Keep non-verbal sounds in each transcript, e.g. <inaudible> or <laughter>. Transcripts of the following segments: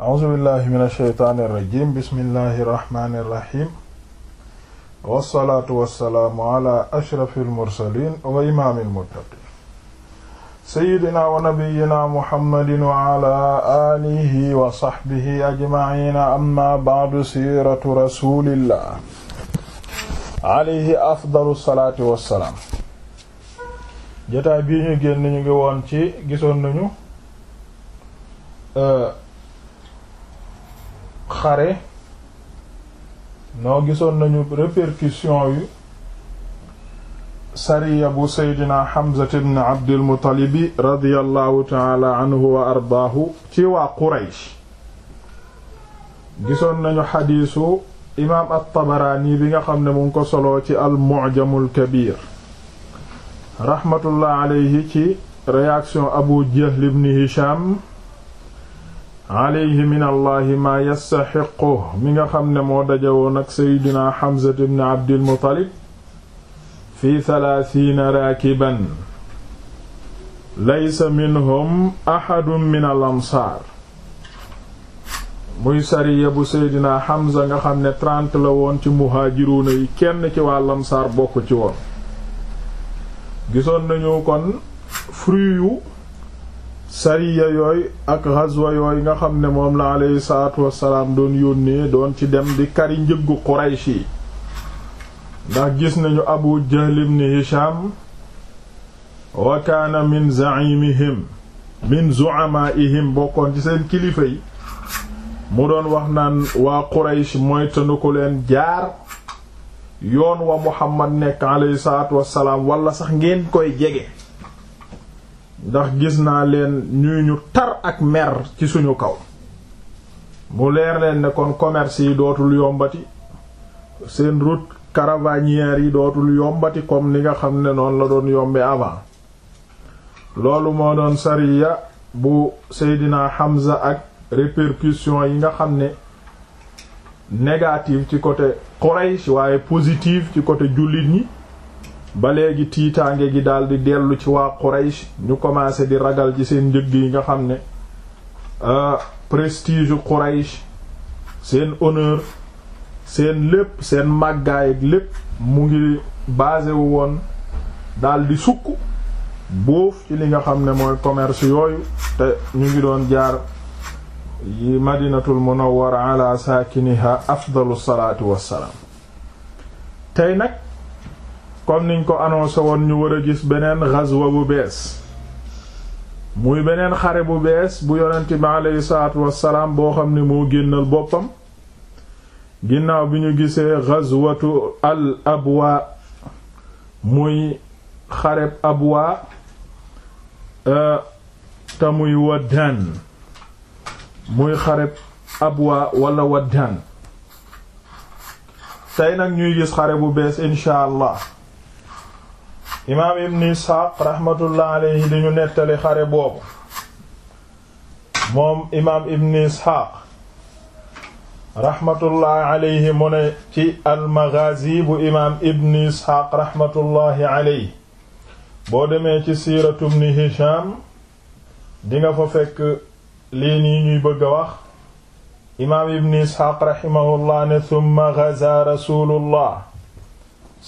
auzubillahi min asheytaani irrajim bismillahi irrahmani irrahim wassalaatu wassalaamu ala ashrafi almursalin wa imaami almuttaqin sayidina wa nabiyina muhammadin wa ala alihi wa saxbihi ajmaina amma baadu siiratu rasulillah alayhi afdalu salaati wassalaam jotaay bii ñu génn ñu ngi woon ci gisoon nañu euh, xare noo gisoon nañu répercussion yu sariya bu seydina Hamza ibn Abdul Muttalibi radiyallahu taala anhu wa ardaahu ci waa Quraysh gisoon nañu xadiisu imaam at-Tabaraani bi nga xam ne mu ngi ko soloo ci al-Mu'jamul Kabiir raxmatullah alayhi ci réaction Abu Jahl ibn Hisham alayhi min allahi mi nga xam ne moo dajawoon ak seydina Hamza ibn Abdil Muttalib fi thalaathiina raakiban laysa minhum ahadun min al ansaar muy sariya bu seydina Hamza nga xam ne trente la woon ci muhaajiruuna yi kenn ci waa lansaar bokk ci woon gisoon nañu kon fruit yu sariya yooyu ak ghazwa yooyu nga xam ne moom la aleyhi salaatu wassalaam doon yónnee doon ci dem di kari njëggu Quraysh yi ndax gis nañu Abu Jahl ibn Hisham wa kaana min za'imihim min zu'ama'ihim bokkoon ci seen kilifa yi mu doon wax naan waa Quraysh mooy ko leen jaar yoon wa Muhammad nekk aleyhi salaatu wassalaam wala sax ngeen koy jege ndax gis naa leen ñuy ñu tar ak mer ci suñu kaw mu leer leen ne kon commerce yi dootul yombati seen route caravanière yi dootul yombati comme ni nga xam ne noonu la doon yombi avant loolu moo doon sariya bu Seydina Hamza ak répercussions yi nga xam ne négative ci côté Quraysh waaye positive ci côté jullit ñi ba léegi tiitaange gi daldi dellu ci waa Quraysh ñu commencé di ragal ci seen njëg yi nga xam ne euh, prestige Quraysh seen honneur seen lépp seen màggaay lépp mu ngi basé wu woon daldi sukk boof ci li nga xam ne mooy commerce yooyu te ñu ngi doon jaar yi madinatul munawwara ala saakiniha afdalu salaatu wassalaam tey nag comme niñ ko annoncé woon ñu war a gis beneen ghazwa bu bees muy beneen xare bu bees bu yonent bi aleyhi salaatu wassalaam boo xam ne moo génnal boppam ginnaaw bi ñu gisee ghazwatu al abwa muy xareb abwa euh, te muy waddaan muy xareb abwa wala waddaan tey nag ñuy gis xare bu bees incha allah imaam ibn isxaaq raxmatullah alayhi di ñu nettali xare boobu moom imaam ibn isxaaq raxmatullahi mu ne ci almagazi bu imaam ibn isxaaq raxmatullahi alayhi boo demee ci siiratu ibn hisham dinga fa fekk lii nii ñuy bëgg a wax imaam ibn isxaaq raximahullah ne summa gaza rasulullah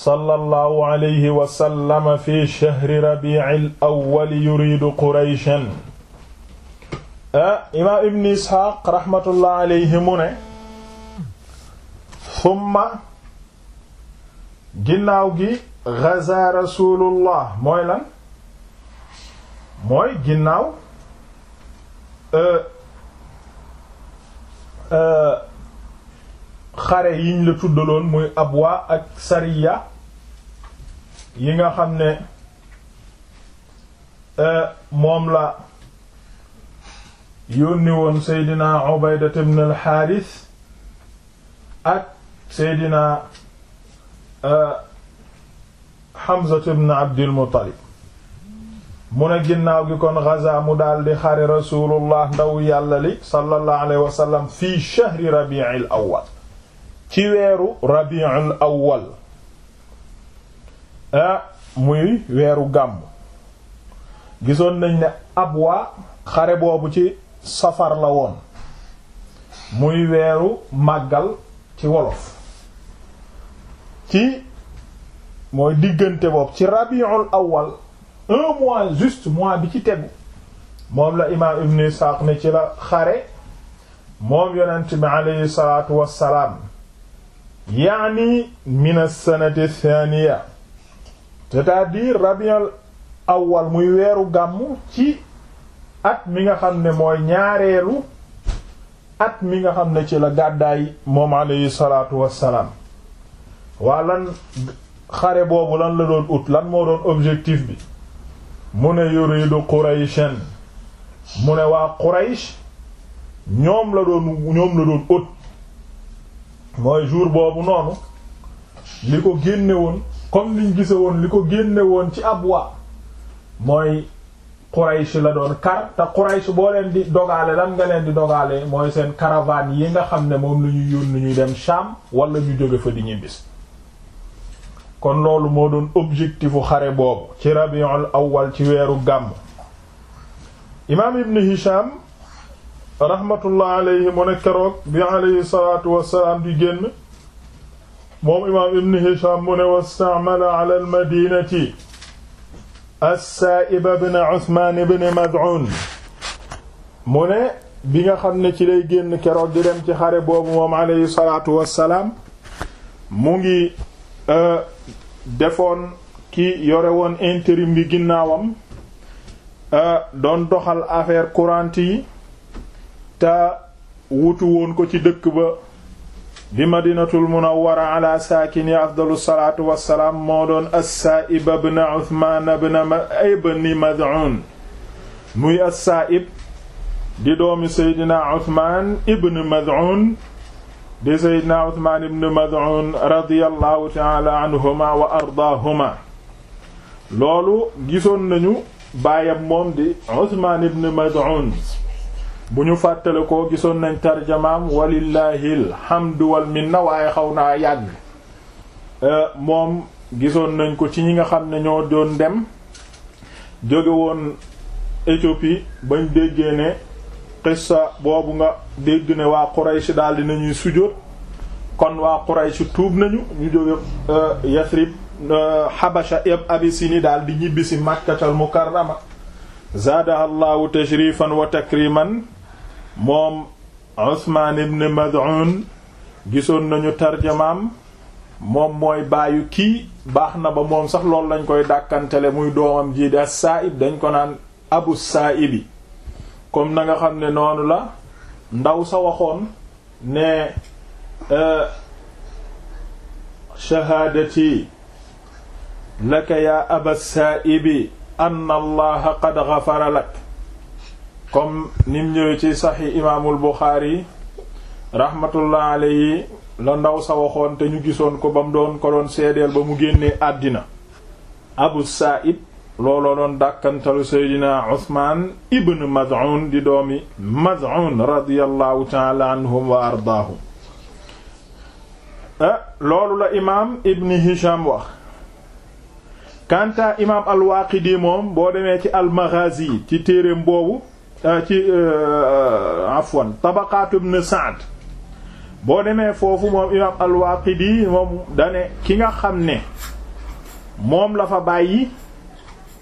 sallallahu alayhi wa sallam fi shahri rabi'il awwal yuridu qurayshan imaam ibn isxaaq raxmatullahi alayhi mu ne summa ginnaaw gi gaza rasulullah mooy lan mooy ginnaaw euh, euh, xare yiñ la tuddaloon muy abwa ak sariya yi nga xam ne euh, moom la yónni woon seydina Ubaydat ibn al-Haaris ak seydina euh, Hamza ibn Abdul Muttalib mu ne ginnaaw gi kon Gaza mu daldi xare rasulullah ndaw yàlla li sallallahu alayhi wa sallam fii shahri Rabi'il awwal ci weeru rabiul awwal ah, muy weeru gàmm gisoon nañ ne abwa xare boobu ci safar la woon muy weeru màggal ci wolof ci mooy diggante boobu ci rabiul awwal un mois juste mois bi ci tegu moom la imaam ibn Isaaq ne ci la xare moom yonent bi aleyhi salaatu wassalaam yaani min as-sanati thaniya c'est-à-dire awwal muy weeru gàmmu ci at mi nga xam ne mooy ñaareelu at mi nga xam ne ci la gàddaay moom alayhi salaatu wassalaam waa lan xare boobu lan la doon ut lan moo doon objectif bi mu ne yuridu qurayshan mu ne waa quraysh ñoom la ñoom la doon ut mooy jour boobu noonu li ko génnewoon woon comme liñ gise li ko génne woon ci abwa mooy Quraysh la doon kar te Quraysh boo leen di dogaale lan nga leen di dogale mooy seen caravane yi nga xam ne moom la ñuy yónni ñuy dem Sham wala ñu jóge fa di ñibbis kon loolu moo doon objectifu xare boobu ci Rabiul Awwal ci weeru gàmm imaam Ibn Hisham rahmatullah alayhi mu ne keroog bi alayhi salaatu wassalaam di génn moom imaam ibn hisham mu ne wastamala ala almadinati assaa'iba ibn usmaan ibn mad'un mu ne bi nga xam ne ci lay génn keroog di dem ci xare boobu moom alayhi salaatu wassalaam mu ngi euh, defoon ki yore woon intérim bi ginnaawam euh, doon doxal affaire courante yi te wutu woon ko ci dëkk ba di madinatul munawwara ala saakini afdalu salaatu wassalaam moo doon assaa'ib ibn uthman muy assaa'ib di doomi seydina uthman ibn di seydina uthman ibn mad'un radiyallahu ta'ala wa ardaahuma loolu gisoon nañu baayam moom di uthman bu ñu fàttale ko gisoon nañ tarjamaam walillahi alhamdu wal minna waaye xaw naa yàgg euh, moom gisoon nañ ko ci ñi nga xam ne ñoo doon dem jóge woon Éthiopie bañ déggee ne xissa boobu nga dégg ne waa Quraysh daldi nañuy sujjóot kon waa Quraysh tuub nañu ñu jóge euh, Yasrib euh, Habasha ab Abisini daldi ñibbisi Makkatal Mukarrama zaadaha allahu tashrifan wa takriman moom Usmaan ibn Mad'un gisoon nañu tarjamaam moom mooy baayu kii baax na ba moom sax loolu lañ koy dàkkantele muy doomam ji di saaib dañ ko naan abu saa'ibi comme na nga xam ne noonu la ndaw sa waxoon ne euh, shahaadati laka yaa aba saa'ibi anna qad ghafara lak comme nim ñëwee ci saxi imaamul Buxaari rahmatullah alayhi la ndaw sa waxoon te ñu gisoon ko ba mu doon ko doon seedeel ba mu génnee àddina abu sa'ib looloo doon dàkkantalu seydina usmaan ibn maz'un di doomi maz'un radiyallahu taala anhum wa ardaahum eh, loolu la imaam ibn hisham wax kanta imaam al moom boo demee ci al ci téereem boobu Euh, ci euh, euh, afwan tabaqaatu ibn Sa'd boo demee foofu moom imaam al moom dane ki nga xam ne moom la fa bàyyi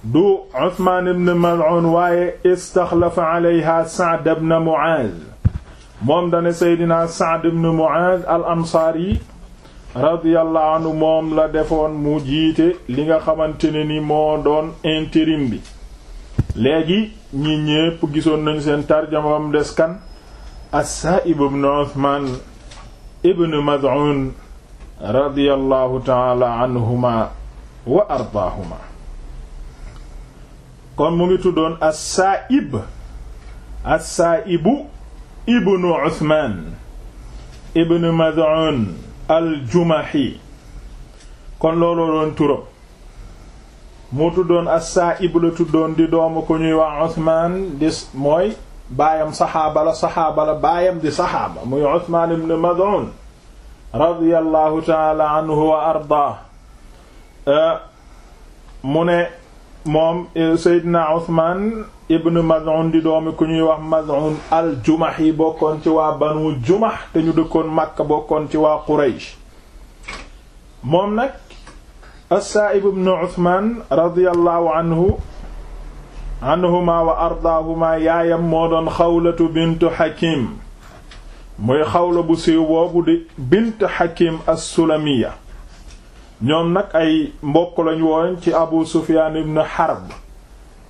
du Usmaan ibn Maz'un waaye istaxlafa alayha Sa'd ibn Mu'aaz moom dane Seydina Sa'd ibn Mu'aaz al-Ansaari radiyallahu anhu moom la defoon mu jiite li nga xamante ne ni moo doon intérim bi léegi ñi ñépp gisoon nañ seen tarjamam des kan as-Sa'ib ibn Uthman ibn Maz'un radiyallahu taala anhuma wa ardaahuma kon mu ngi tuddoon as-Sa'ib as-Sa'ibu ibn Uthman ibn Maz'un al-Jumahi kon looloo doon turam mu tuddoon as tuddoon di doomu ko ñuy wax Usmaan mooy baayam saxaaba la saxaaba la baayam di saxaaba muy Usmaan ibn Mad'un radiyallahu taala anhu wa ardaa mu ne moom e, Seydina Usmaan ibn Mad'un di doomi ku ñuy wax Mad'un al-Jumahi bokkoon ci waa Banu Jumah te ñu dëkkoon Makka bokkoon ci waa Quraysh moom nag as-Sa'ib ibn Uthman radiyallahu anhu wa ardaahuma yaayam moo doon xawlatu bintu Hakim muy xawla bu siiw boobu di bint Hakim as-Sulamiya ñoom nag ay mbokk lañ woon ci Abu Sufyan ibn Harb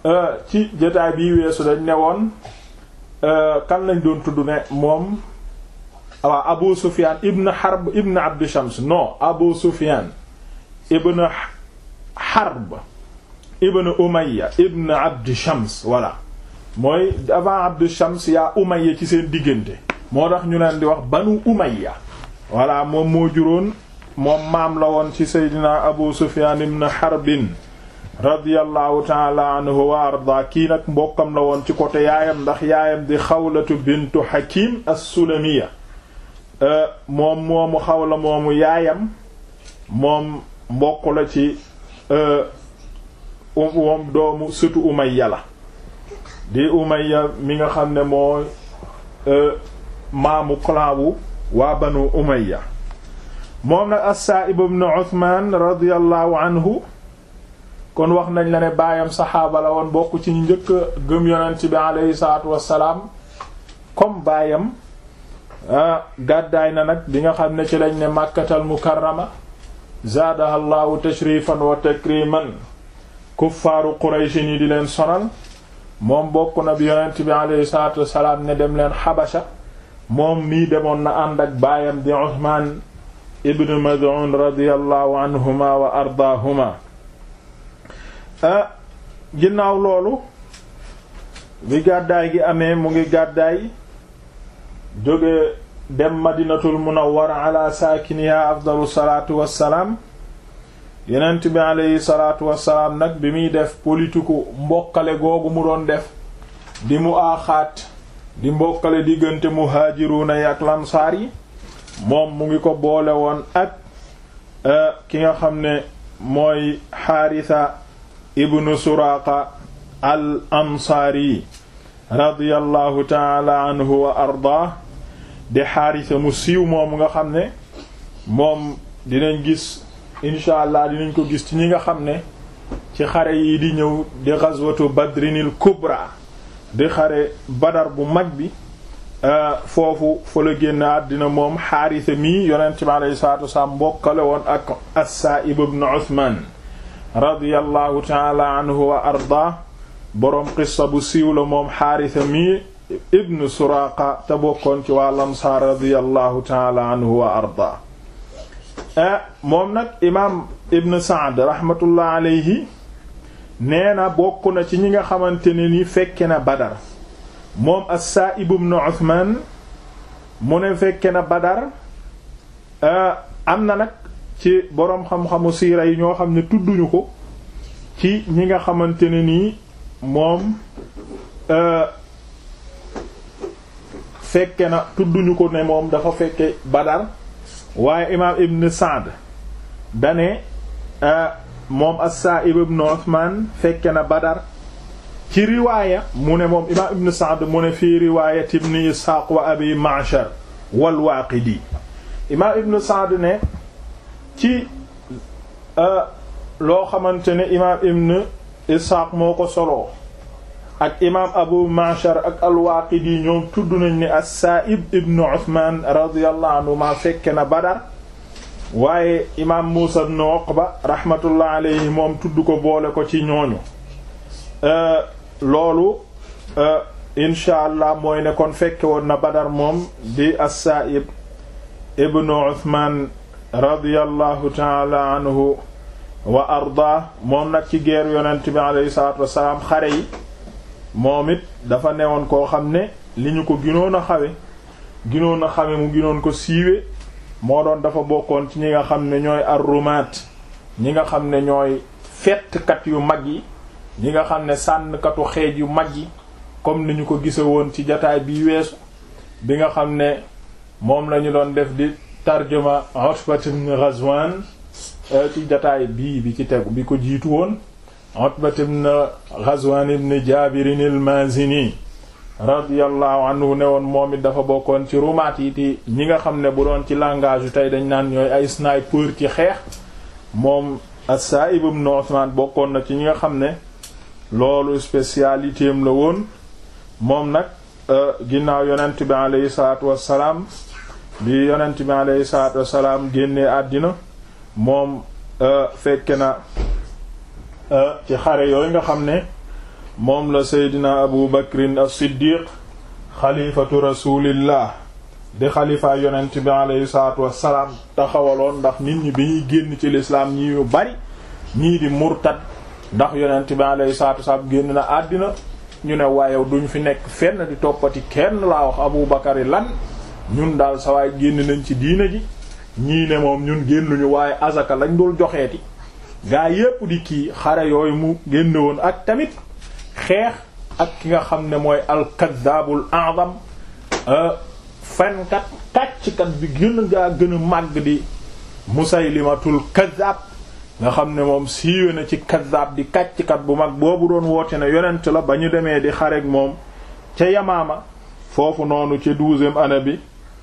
euh, ci jotaay bi weesu dañ ne euh, ibn Harb ibn Abd Shams non Abu Sufyan ibn Harb ibn Umayya ibn Abd Shams voilà mooy avant Abd Shams yaa Umayya ci seen diggante moo tax ñu leen di wax banu Umayya voilà moom moo juróon moom maam la woon ci Seydina Abu Sufyan ibn Harbin radiyallahu taala anhu wa arda kii nag mbokkam la woon ci côté yaayam ndax yaayam di xawlatu bintu Hakim as-Sulamiya euh, moom moomu xawla moomu yaayam moom mbokk la ci euh, um, um, doomu sëtu Umayya la di Umayya mi nga xam ne mooy euh, maamu clawu waa banu Umayya moom nag as-Sa'ib ibn Uthman radiyallahu anhu kon wax nañ la ne baayam saxaaba la woon bokk ci ñu njëkk gëm yonent bi aleyhi salaatu wassalaam comme baayam ah, gàddaay na nag bi nga xam ne ci lañ ne Makkatal Mukarrama zaadaha llaahu tashrifan wa takriman kuffaaru quraychin yi leen sonal moom bokk na bi yonent bi aleyhi salaatu wasalaam ne dem leen xabasha moom mii demoon na ànd ak baayam di usmaan ibn mad'un radiyallahu anhuma wa ardaahuma ah, ginnaaw loolu bi gàddaay gi amee mu ngi gàddaay jóge dem madinatul munawwara ala saakiniha afdalu salaatu wassalaam yenent bi aleyhi salaatu nag bi muy def politiku mbokkale googu mu doon def di mu aaxaat di mbokkale diggante muhaajiruuna yi ak lamsaar yi moom mu ngi ko boole woon ak eh, ki nga xam ne mooy xaarisa ibnu suraaqa al ansaari radiyallahu taala anhu wa ardaa di xaarisa mu siiw moomu nga xam ne moom dinañ gis incha allah dinañ ko gis ci ñi nga xam ne ci xare yi di ñëw di ghazwatu badrinil kubra di xare badar bu mag bi euh, foofu fa la génn àddina moom xaarisa mi yonent bi alayhi salaatu wasalaam mbokkale woon ak saib ibn Uthman radiyallahu taala anhu wa arda boroom qissa bu siiw la moom xaarisa mii ibn Suraaqa te bokkoon ci waa lamsaar radiyallahu taala anhu wa arda e, moom nag imaam ibn Saad rahmatullah alayhi nee na bokk na ci ñi nga xamante ne ni fekke na Badar moom as-Sa'ib ibn Uthman mu ne fekke na Badar e, am na nag ci boroom xam-xamu siira yi ñoo xam ne tudduñu ko ci ñi nga xamante ne nii moom e, fekke na tudduñu ko ne moom dafa fekke Badar waaye imaam Ibn Saad dane euh, moom assa saib ibn Uthman fekke na Badar ci riwaaya mu ne moom imaam Ibn Saad mu ne fii riwaayati Ibn Ishaq wa Abi Ma'shar wal Waaqidi imaam Ibn Saad ne ci euh, loo xamante ne imaam Ibn Ishaq moo ko soloo ak imaam abu ma'shar ak al-Waaqidi ñoom tudd nañ ni as-Saa'ib ibnu Usmaan anhu maa fekke na Badar waaye imaam Muusa ibnu Uqba rahmatullah alayhi moom tudd ko boole ko ci ñooñu euh, loolu euh, incha allah mooy ne kon fekke woon na Badar moom di as-Saa'ib ibnu Usmaan taala anhu wa arda moom nag ci geer yonent bi alayhi salaatu wassalaam xare yi moom it dafa newoon koo xam ne li ñu ko ginoon a xawe ginoon a xame mu ginoon ko siiwe moo doon dafa bokkoon ci ñi nga xam ne ñooy arrumaat ñi nga xam ne ñooy fettkat yu mag yi ñi nga xam ne sànnkatu xeej yu mag yi comme ni ñu ko gise woon ci jataay bi weesu bi nga xam ne moom lañu doon def di tarjuma Utbat ibn eh, ci jataay bii bi ci tegu bi ko jiitu woon Utbat ibn Ghazwan ibn Jaabirin al-Maazini radiyallahu anhu newoon moom it dafa bokkoon ci rumaat yi ñi nga xam ne bu doon ci langage tey dañ naan ñooy ay sniper ci xeex moom as-Sa'ib ibn Uthman bokkoon na ci ñi nga xam ne loolu spécialité am la woon moom nag euh, ginnaaw yonent bi aleyhi salaatu wassalaam bi yonent bi aleyhi salaatu wassalaam génnee àddina moom euh, fekke na Euh, ci xare yooyu nga xam ne moom la seydina abu bakrin as-siddiq xalifatu rasulillah di xalifaa yonent bi aleyhi salaatu wassalaam taxawaloon ndax nit ñi bi ñuy génn ci lislaam ñi yu bari ñii di murtad ndax yonent bi aleyhi salaatu wassalaam génn na àddina ñu ne waaye duñu fi nekk fenn di toppati kenn laa wax abu bakari lan ñun daal sawaay génn nañ ci diine ji ñii ne moom ñun génnuñu waaye azaka lañ dul joxeeti gaa yépp di kii xare yooyu mu génnewoon ak tamit xeex ak ki nga xam ne mooy alkadabul a'zam euh, fenkat kàcckat bi gën gaa gën a màgg di limatul kadab nga xam ne moom siiwe na ci kadab di kàcckat bu mag boobu doon woote na yonent la ba ñu demee di xarek moom ca yamaama foofu noonu ca douzième année bi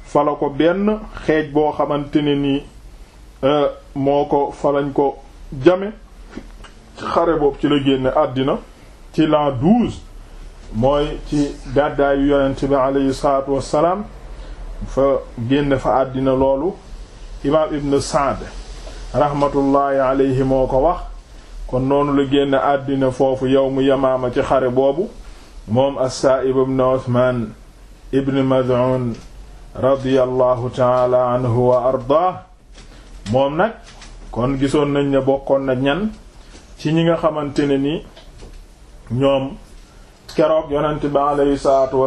fala ko benn xeej boo xamante ne nii euh, moo ko falañ ko jame ci xare boobu ci la génne àddina ci l'an douze mooy ci gàddaayu yonent bi aleyhi salaatu wassalaam fa génne fa àddina loolu imaam ibn Sa'd rahmatullahi aleyhi moo ko wax kon noonu la génne àddina foofu yawmu yamaama ci xare boobu moom as-Sa'ib ibn Uthman ibn Mad'un radiyallahu taala anhu wa ardaa moom nag kon gisoon nañ ne bokkoon na ñan ci ñi nga xamante ne ni ñoom keroog yonent bi aleyhi salaatu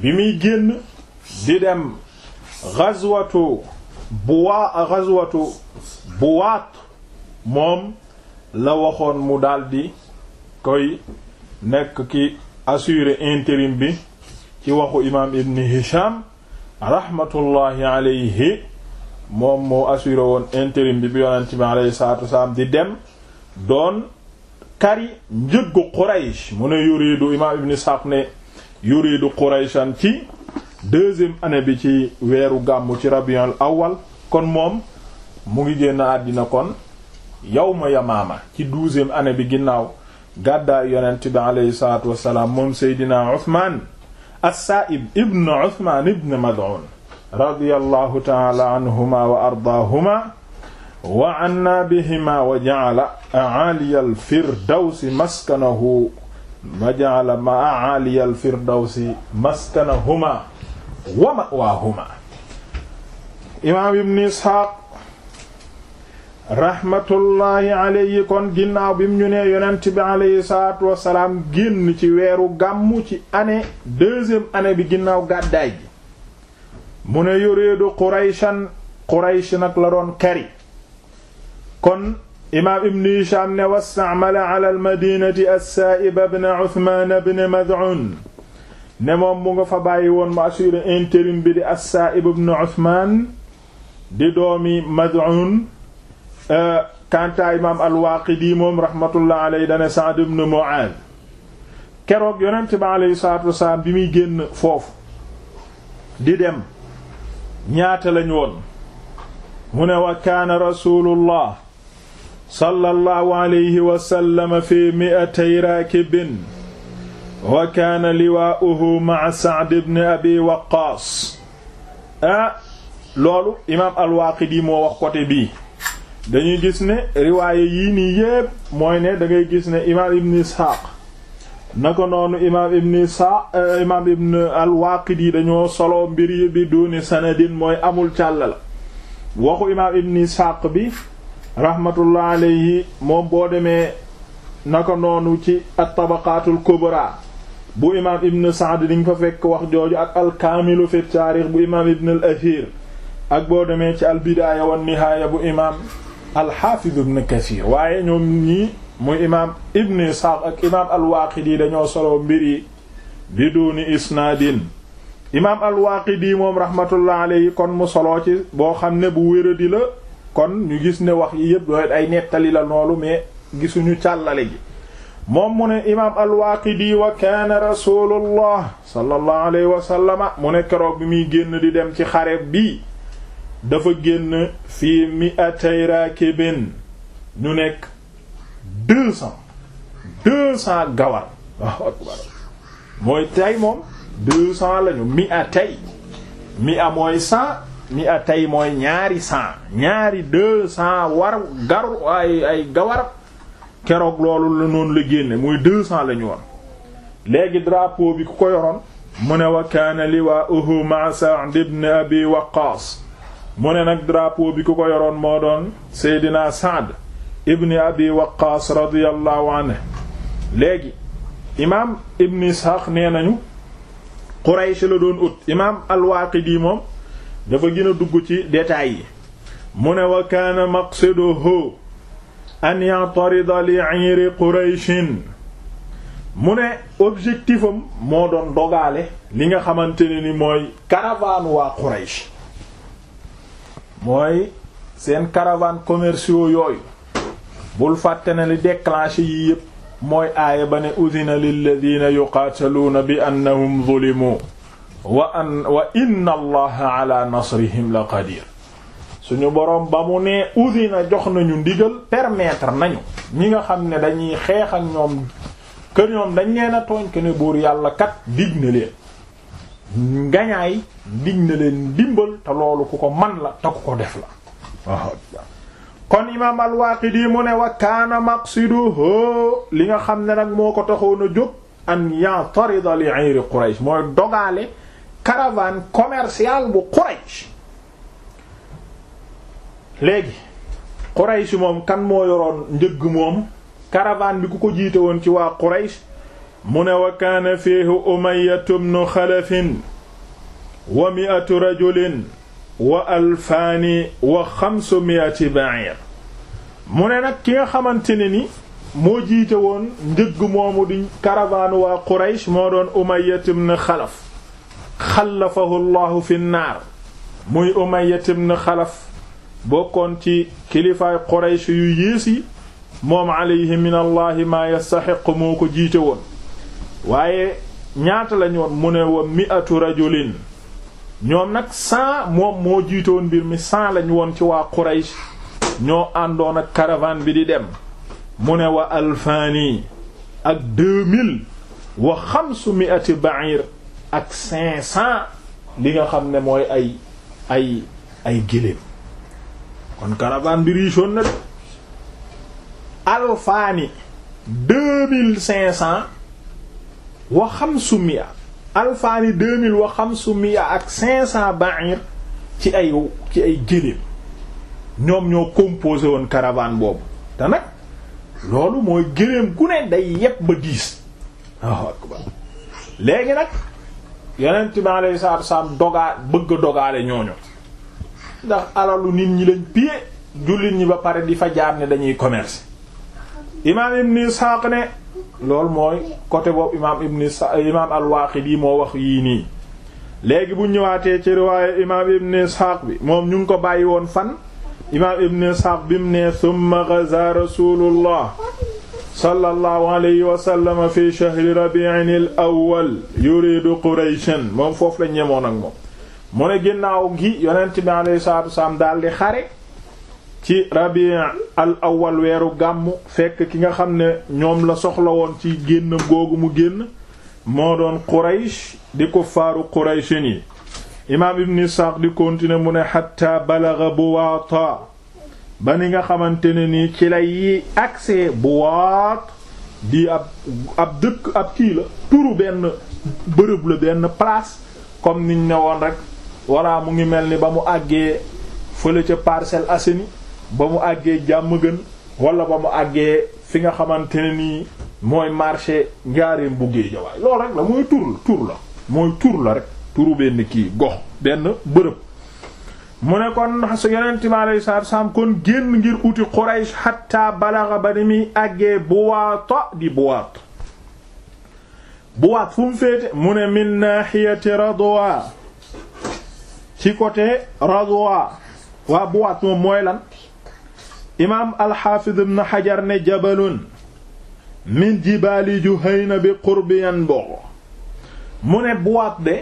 bi muy génn di dem ghazwatu buwaa buwaat moom la waxoon mu daldi koy nekk ki assurer intérim bi ci waxu imaam ibn Hisham rahmatullahi aleyhi moom moo assuré woon intérim bi bi yonent bi alayhi salaatu wasalaam di dem doon kari njëggu Quraysh mu ne yuridu imaam Ibn Ishaq ne yuridu Qurayshan ci deuxième année bi ci weeru gàmmu ci rabiul awal kon moom mu ngi génn àddina kon yawma yamaama ci douzième année bi ginnaaw gàddaay yonent bi alayhi salaatu wasalaam moom Seydina Uthman as-Sa'ib ibn Uthman ibn Mad'un radiyallahu taala anhuma wa ardaahuma wa anna bihima wa ja'ala a'aliyal firdawsi maskanahu wa ja'ala ma a'aliyal firdawsi maskanahuma wa ma'waahuma imaam ibn Isxaaq rahmatullahi alayhi kon ginnaaw bi mu ñu nee yonent bi alayhi salaatu wasalaam génn ci weeru gàmmu ci année deuxième année bi ginnaaw gàddaay gi mu ne yuriidu qurayshan quraysh nag la doon kari kon imaam ibn hisham ne wastamala ala almadinati assaa'iba ibn uthman ibn mad'un ne moom mu nga fa bàyyi woon mu assuré intérim bi di assaa'ib ibn uthman di doomi mad'un euh, kantaa imaam alwaaqidi moom rahmatullah aley dane sa'd ibn mu'aaz keroog yonent bi aleyhi salaatu wasalaam bi muy génn foofu di dem ñaata lañu woon mu ne wa kaana rasulullah sallallahu alayhi wa sallam fi mi'atay raakibin wa kaana liwaa'uhu ma'a Sa'd ibn Abi Waqqaas ah loolu imaam al-Waaqidi wax côté bii dañuy gis ne riwaaye yii nii yépp mooy gis ne imaam Ibn Isxaaq ko noonu imaam ibn isa eh, imaam ibn al-Waaqidi dañoo solo mbir yi bi duni sanadin mooy amul càll la waxu imaam ibn Isaaq bi rahmatullah alayhi moom boo demee nako noonu ci at-Tabaqaatul Kubra bu imaam ibn Sa'd di nga fa fekk wax jooju ak al fi taarix bu imaam ibn al-Athiir ak boo demee ci al-Bidaaya nihaaya bu imaam al-Haafiz ibn Kasiir waaye ñoom ñii muy imaam ibn isxaaq ak imaam al dañoo solo mbir yi biduuni isnaadin imaam al-Waaqidi moom rahmatullah alayhi kon mu solo ci boo xam ne bu wéradi la kon ñu gis ne wax yi yëpp doy ay nettali la loolu mais gisuñu càllale gi moom mu ne imaam al-Waaqidi wa kaana rasulullah sallallahu alayhi wa mu ne keroog bi muy génn di dem ci xare bi dafa génn fii mi'atay raakibin ñu nekk deux cents deux mooy tey moom lañu mi a tey mi a mooy mi a tey mooy ñaari cent ñaari deux cents war garu ay ay gawar keroog loolu la noon la génne muy deux lañu woon léegi drapeau bi ku ko yoroon mu ne wa kaana liwaa'uhu ma'a Sa'd ibn Abi Waqqaas mu ne nag drapeau bi ku ko yoroon moo doon Seydina Sa'd ibni abi waqaas radiyallahu anhu léegi imaam ibni isxaaq nee nañu Quraysh la doon ut imaam al moom dafa gën a dugg ci détails yi mu ne wa kaana maqsiduhu an ya'tarida li'iiri Qurayshin mu ne objectifam moo doon dogale li nga xamante ne ni mooy caravane waa Quraysh mooy seen caravane commerciaux yooyu bul fàtte na li déclenché yi yépp mooy aaya ba ne udina lilladina yuqaataluuna bi annahum zulimu wa an wa inna allaha ala nasrihim la qadir suñu boroom ba mu nee udina jox nañu ndigal permettre nañu ñi nga xam ne dañuy xeex ñoom kër ñoom dañ leen a tooñ ke buur yàlla kat dig na leen ngañaay dig na leen dimbal te loolu ku ko man la te ku ko def la kon imaam al-Waaqidi mu ne wa kaana maqsiduhu li nga xam ne nag moo ko taxoon a jóg an ya'tarida li 'ayri Quraysh mooy dogaale caravane commerciale bu Quraysh léegi Quraysh moom kan moo yoroon njëgg moom caravane bi ku ko jiite woon ci waa Quraysh mu ne wa kaana fiihi Umayyatu bnu Xalafin wa mi'atu mu ne nag ki nga xamante ne ni moo jiite woon njëgg moomu di caravane waa Quraysh moo doon Umayya ibn Xalaf xalafahu llahu fi naar muy Umayya ibn Xalaf bokkoon ci kilifaay Quraysh yu yées yi moom alayhi min allahi maa moo ko jiite woon waaye ñaata lañ woon mu ne woon mi'atu rajulin ñoom nag cent moom moo jiite woon mbir mi cent lañ woon ci waa Quraysh ñoo àndoon ak caravane bi di dem mu ne wa alfaani ak deux mille wa xamsu mi'ati ak cinq cent li nga xam ne mooy ay ay ay géléem kon caravane bi riisoon na de alfaani deux wa xamsu mi'a alfaani wa xamsu mi'a ak cinq cent ba'ir ci ay ci ay géléem ñoom ñoo composé woon caravane boobu te nag loolu mooy gëléem gu ne day yépp ba diis léegi nag yeneen bi alayhi salaatu wasalaam dogaa bëgg dogaale ñooñu ndax alalu nit ñi lañ piye jullit ñi ba pare di fa jaar ne dañuy commerce imaam ibn Ishaq ne loolu mooy côté boobu imaam ibn Ishaq imaam al-Waaqidi moo wax yii nii léegi bu ñëwaatee ci riwaaye imaam ibn Ishaq bi moom ñu ngi ko bàyyi woon fan imaam ibn bi mu ne summa gaza rasulullah sallallahu alayhi wa sallam fi shahri rabi'in al yuridu qurayshan moom foofu la ñemoon ak moom mu ne ginnaaw gi yonent bi alayhi salaatu wasalaam daal di xare ci rabi' al awwal weeru gàmm fekk ki nga xam ne ñoom la soxla woon ci génn googu mu génn moo doon quraysh di kuffaaru qurayshin yi imaam ibn isxaaq di continuer mu ne xatta bu buwaata ba ni nga xamante ne nii ci lay yi bu waat di ab ab dëkk ab kii la turu benn bërëb la benn place comme niñ ne woon rek wala mu ngi mel ni ba mu àggee fële ca parcelle Assainies ba mu àggee jàmm gën wala ba mu àggee fi nga xamante ne nii mooy marché njaareem bu géejawaay lool rek la mooy tur la tur la mooy tur la rek turu benn kii gox benn bërëb mu ne kon yonent bi alayhi salaatu salaam kon génn ngir uti Quraysh xatta balaxa ba ni muy àggee Buwaata di Buwaat Buwaat fu féete mu ne min naaxiyati Radwa ci côté Radwa waa Buwaat moom mooy imaam al-Hafiz ibn ne jabalun min jibaali Juhayna bi qurbi Yanbu mu ne Buwaat de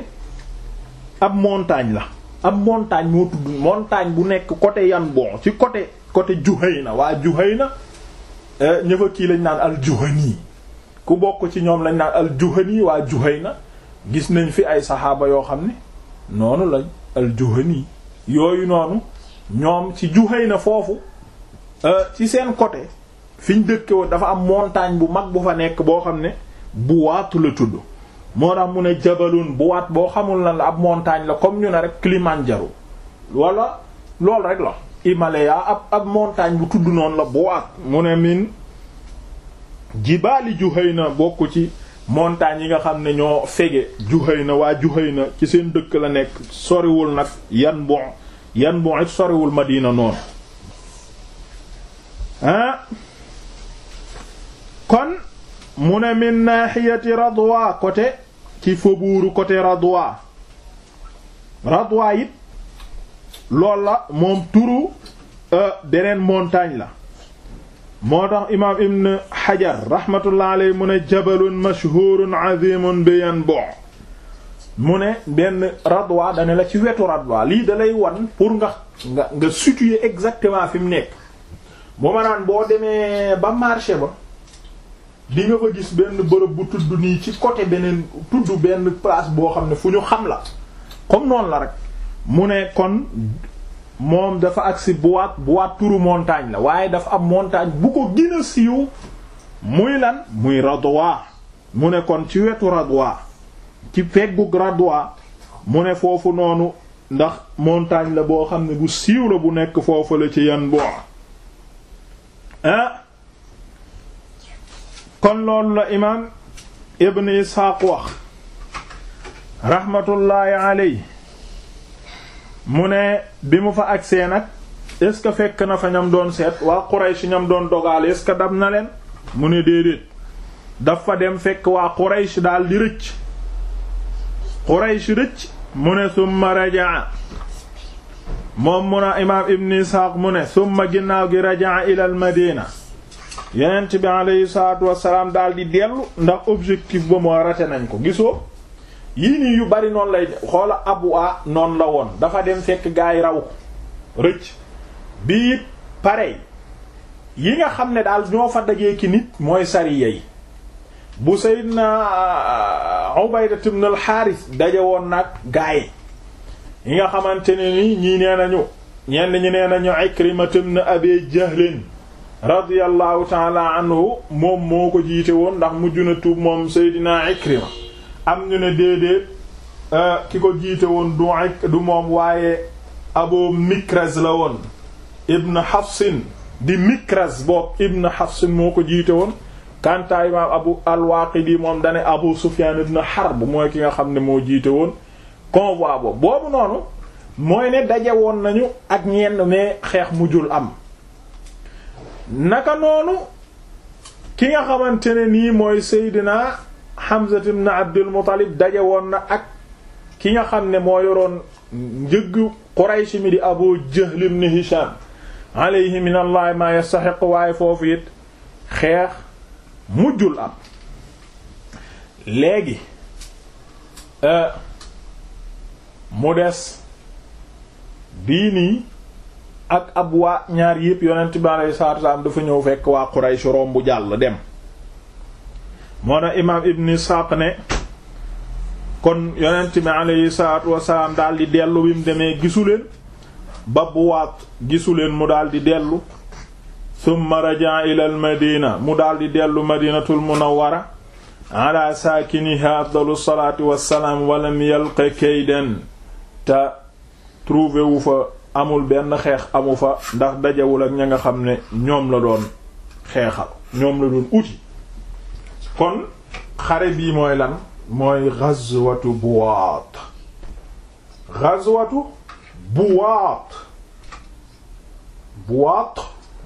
ab montagne la ab montagne moo tudd montagne bu nekk côté yan bon ci côté côté Juhayna waa Juhayna eh, ñë fa lañ naan al-Juhani ku bokk ci ñoom lañ naan al-Juhani waa Juhayna gis nañ fi ay saxaaba yoo xam ne noonu lañ al-Juhani yooyu noonu ñoom ci Juhayna foofu eh, ci seen côté fiñ dëkke woon dafa am montagne bu mag bu fa nekk boo xam ne bu waatu la tudd moo tax mu ne jabalun bu waat boo xamul lan la ab montagne la comme ñu ne rek Kilimanjaro wala loolu rek la Himalaya ab ab montagne bu tudd noonu la bu waat mu ne min jibaali Juhayna bokk ci montagne yi nga xam ne ñoo fege Juhayna waa Juhayna ci seen dëkk la nekk soriwul nag yan bon yan bon it soriwul Madina noonu ah mu ne min naaxiyati Radwa côté ci faubourg côté Radwa Radwa it lool la moom turu euh, beneen montagne la moo tax imaam Ibn Hajar rahmatullah aleyhi mu ne jabalun mashhuurun azimun bi yanbu mu ne benn Radwa dane la ci wetu Radwa lii da lay wan pour nga nga nga exactement fi mu nekk bu ma boo demee ba marché ba di nga fa gis benn bërëb bu tudd nii ci côté beneen tudd benn place boo xam ne fu ñu xam la comme noonu la rek mu ne kon moom dafa agsi buwaat boîte turu montagne la waaye dafa am montagne bu ko gën siiw muy lan muy Radwa mu ne kon ci wetu Radwa ci peggu Radwa mu ne foofu noonu ndax montagne la boo xam ne bu siiw la bu nekk foofu la ci yan boo ah! kon loolu la imaam ibn isxaaq wax raxmatullaahi aley mu ne bi mu fa agsee nag est ce que fekk na fa ñam doon seet waa Quraysh ñam doon dogal est ce dab na leen mu ne déedéet dafa dem fekk waa Quraysh daal di rëcc Quraysh rëcc mu ne summa rajaa moom mu ne imaam ibn isxaaq mu ne summa ginnaaw gi rajaa ilal madina yonent bi aleyhi salaatu wasalaam daal di dellu ndax objectif ba moo rate nañ ko gisoo yii nii yu bari noonu lay xoola abu a noonu la woon dafa dem fekk gaay raw ko rëcc bii yi nga xam ne daal ñoo fa dajee ki nit mooy sariya yi bu sayyidna uh, Ubayda ibn al-Harith daje woon nag gaay yi nga xamante ne ni ñii nee nañu ñenn ñi nee nañu Ikrimah ibn Abi Jahlin radiyallahu taala anhu moom moo ko jiite woon ndax mujju na tuub moom Seydina Ikrima am ñu ne déedéet euh, ki ko jiite woon du moom waaye Abu Mikraz la woon Ibn Hafsin di Mikraz boob Ibn Hafsin moo ko jiite woon kantaa imaam Abu al-Waaqidi moom dane Abu Sufyaan ibn Harb mooy ki nga xam ne moo jiite woon convoi boobu boobu noonu mooy ne daje woon nañu ak ñenn mais xeex mujjul am naka noonu ki nga xamante ne nii mooy Seydina Hamza ibn Abdul Muttalib daje woon na ak ki nga xam ne moo yoroon njëgg Quraysh mi di Abu Jahl ibn Hisham alayhi min ma yastaxiq waaye foofu it xeex mujjul am léegi euh, mu des bii ak ab waa ñaar yépp yonent bi ñëw fekk waa Quraysh romb jàll dem moo na imaam Ibn Isxaaq ne kon yonent bi alayhi salaatu dellu bi mu demee gisu leen ba bu waat gisu leen mu daal dellu summa rajaa ilal madina mu daal dellu madinatul munawwara ala saakiniha afdalu salaatu wassalaam walam yalqa kaydan te trouvé wu fa amul benn xeex amu fa ndax dajewul ak ña nga xam ne ñoom la doon xeexal ñoom la doon uti kon xare bii mooy lan mooy ghazwatu Buwaat ghazwatu Buwaat Buwaat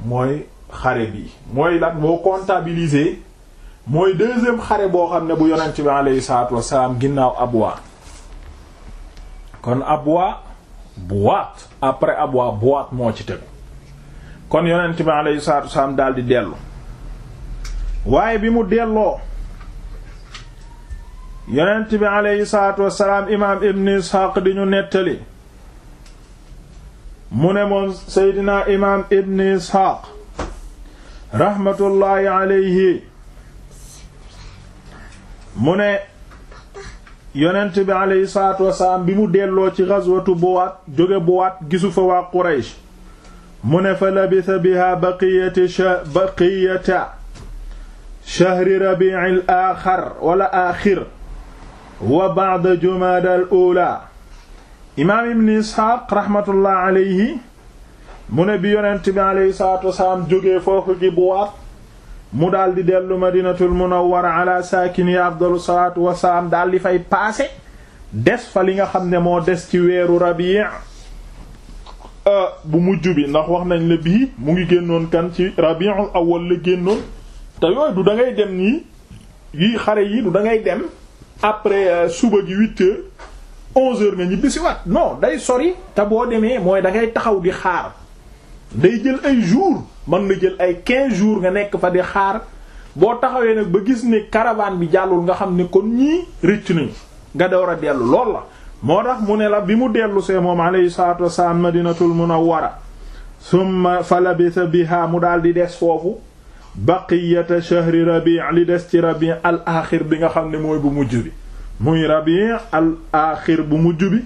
mooy xare bii mooy lan boo comptabiliser mooy deuxième xare boo xam ne bu yonent bi aleyhi salaatu ginnaaw Abwa kon Abwa boîte après abwa boîte moo ci tegu kon yonent bi alayhi dellu waaye bi mu delloo yonent bi alayhi salaatu imaam ibn Ishaq di ñu nettali mu ne moom Seydina imaam ibn Ishaq rahmatullahi alayhi mu ne yonent bi aleyhi salaatu wasalaam bi mu delloo ci ghazwatu Buwaat jóge Buwaat gisu fa waa Quraysh mu ne fa labisa biha baqiyati baqiyata shahri rabi'il aaxar wala aaxir wa ba'da jumaada al uulaa imaam ibn Isxaaq raxmatullahi aleyhi mu ne bi yonent bi aleyhi salaatu wasalaam jóge foofu gi Buwaat mu daal di dellu madinatul munawwara ala saakini afdalu salaatu wasalaam daal di fay paase des fa li nga xam ne moo des ci weeru rabii euh, bu mujj bi ndax wax nañ la bii mu ngi génnoon kan ci rabiul awwal la génnoon te yooyu du da ngay dem nii yi xare yi du da dem après euh, suba gi huit heures onze heures nga ñibbi si waat non day sori te boo demee mooy da ngay taxaw di xaar day jël ay jours mën na jël ay 15 jours nga nekk fa di xaar boo taxawee nag ba gis ne caravane bi jàllul nga xam ne kon nii rëcc nañu nga door a dellu lool la moo tax mu ne la bi mu dellu see moom alayhi salaatu wasalaam madinatul munawwara summa fa labisa biha mu daal di des foofu baqiyata shahri rabi' li des ci rabi' al axir bi nga xam ne mooy bu mujj bi muy rabi' al axir bu mujj bi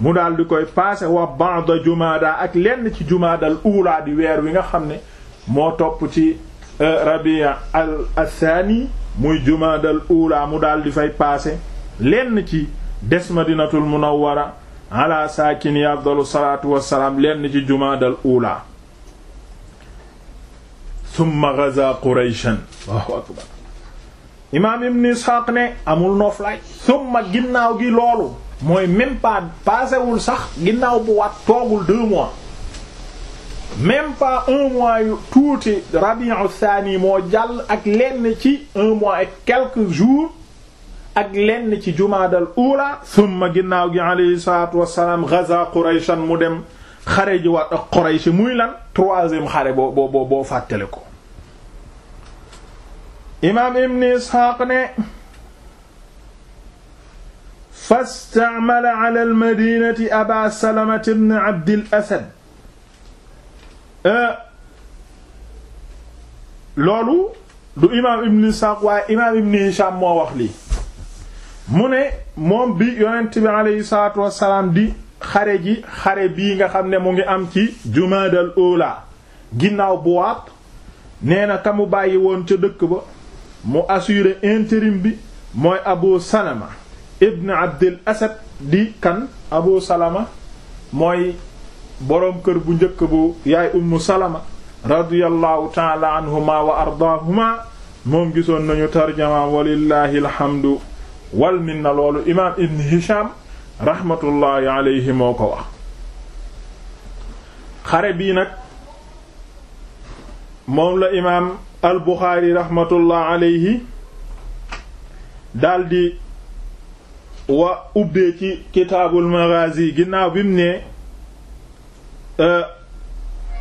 mu daal di koy paase wa ba'da jumaada ak lenn ci jumaadal uulaa di weer wi nga xam ne moo topp ci euh, rabia al athani muy jumaada al ula mu daal di fay paase lenn ci des madinatul munawwara ala saakini afdalu salaatu wassalaam lenn ci jumaada al ula summa gaza qurayshan waaw akbar imaam ibn isxaaq ne amul nooflaay summa ginnaaw gi loolu mooy même pas paasewul sax ginnaaw bu waat toogul deux mois même pas un mois yu tuuti thani moo ak lenn ci un mois et quelques jours ak lenn ci jumaadal ula summa ginnaaw gi alayhi salaatu wassalaam gaza qurayshan mu ibn isxaaq ne fastamala ala almadinati aba salamata ibn abdil asad Euh, loolu du imaam ibn Isaaq waaye imaam ibn Hisham moo wax lii mu ne moom bi yonent bi aleyhi salaatu wassalaam di xare ji xare bii nga xam ne mu ngi am ci jumaadal oola ginnaaw bu waat nee na ka bàyyi woon ca dëkk ba mu assuré intérim bi mooy Abu Salama ibn Abdul Asad di kan Abu Salama mooy boroom kër bu njëkk bu yaay ummu salama radiyallahu taala anhuma wa ardaahuma moom gisoon nañu tarjamaam walillahi alhamdu wal minna loolu imaam ibn hisham rahmatullahi alayhi moo ko wax xare bii nag moom la imaam al buxaari rahmatullah alayhi daldi wa ubbee ci kitaabul maghazi ginnaaw bi mu ne Euh,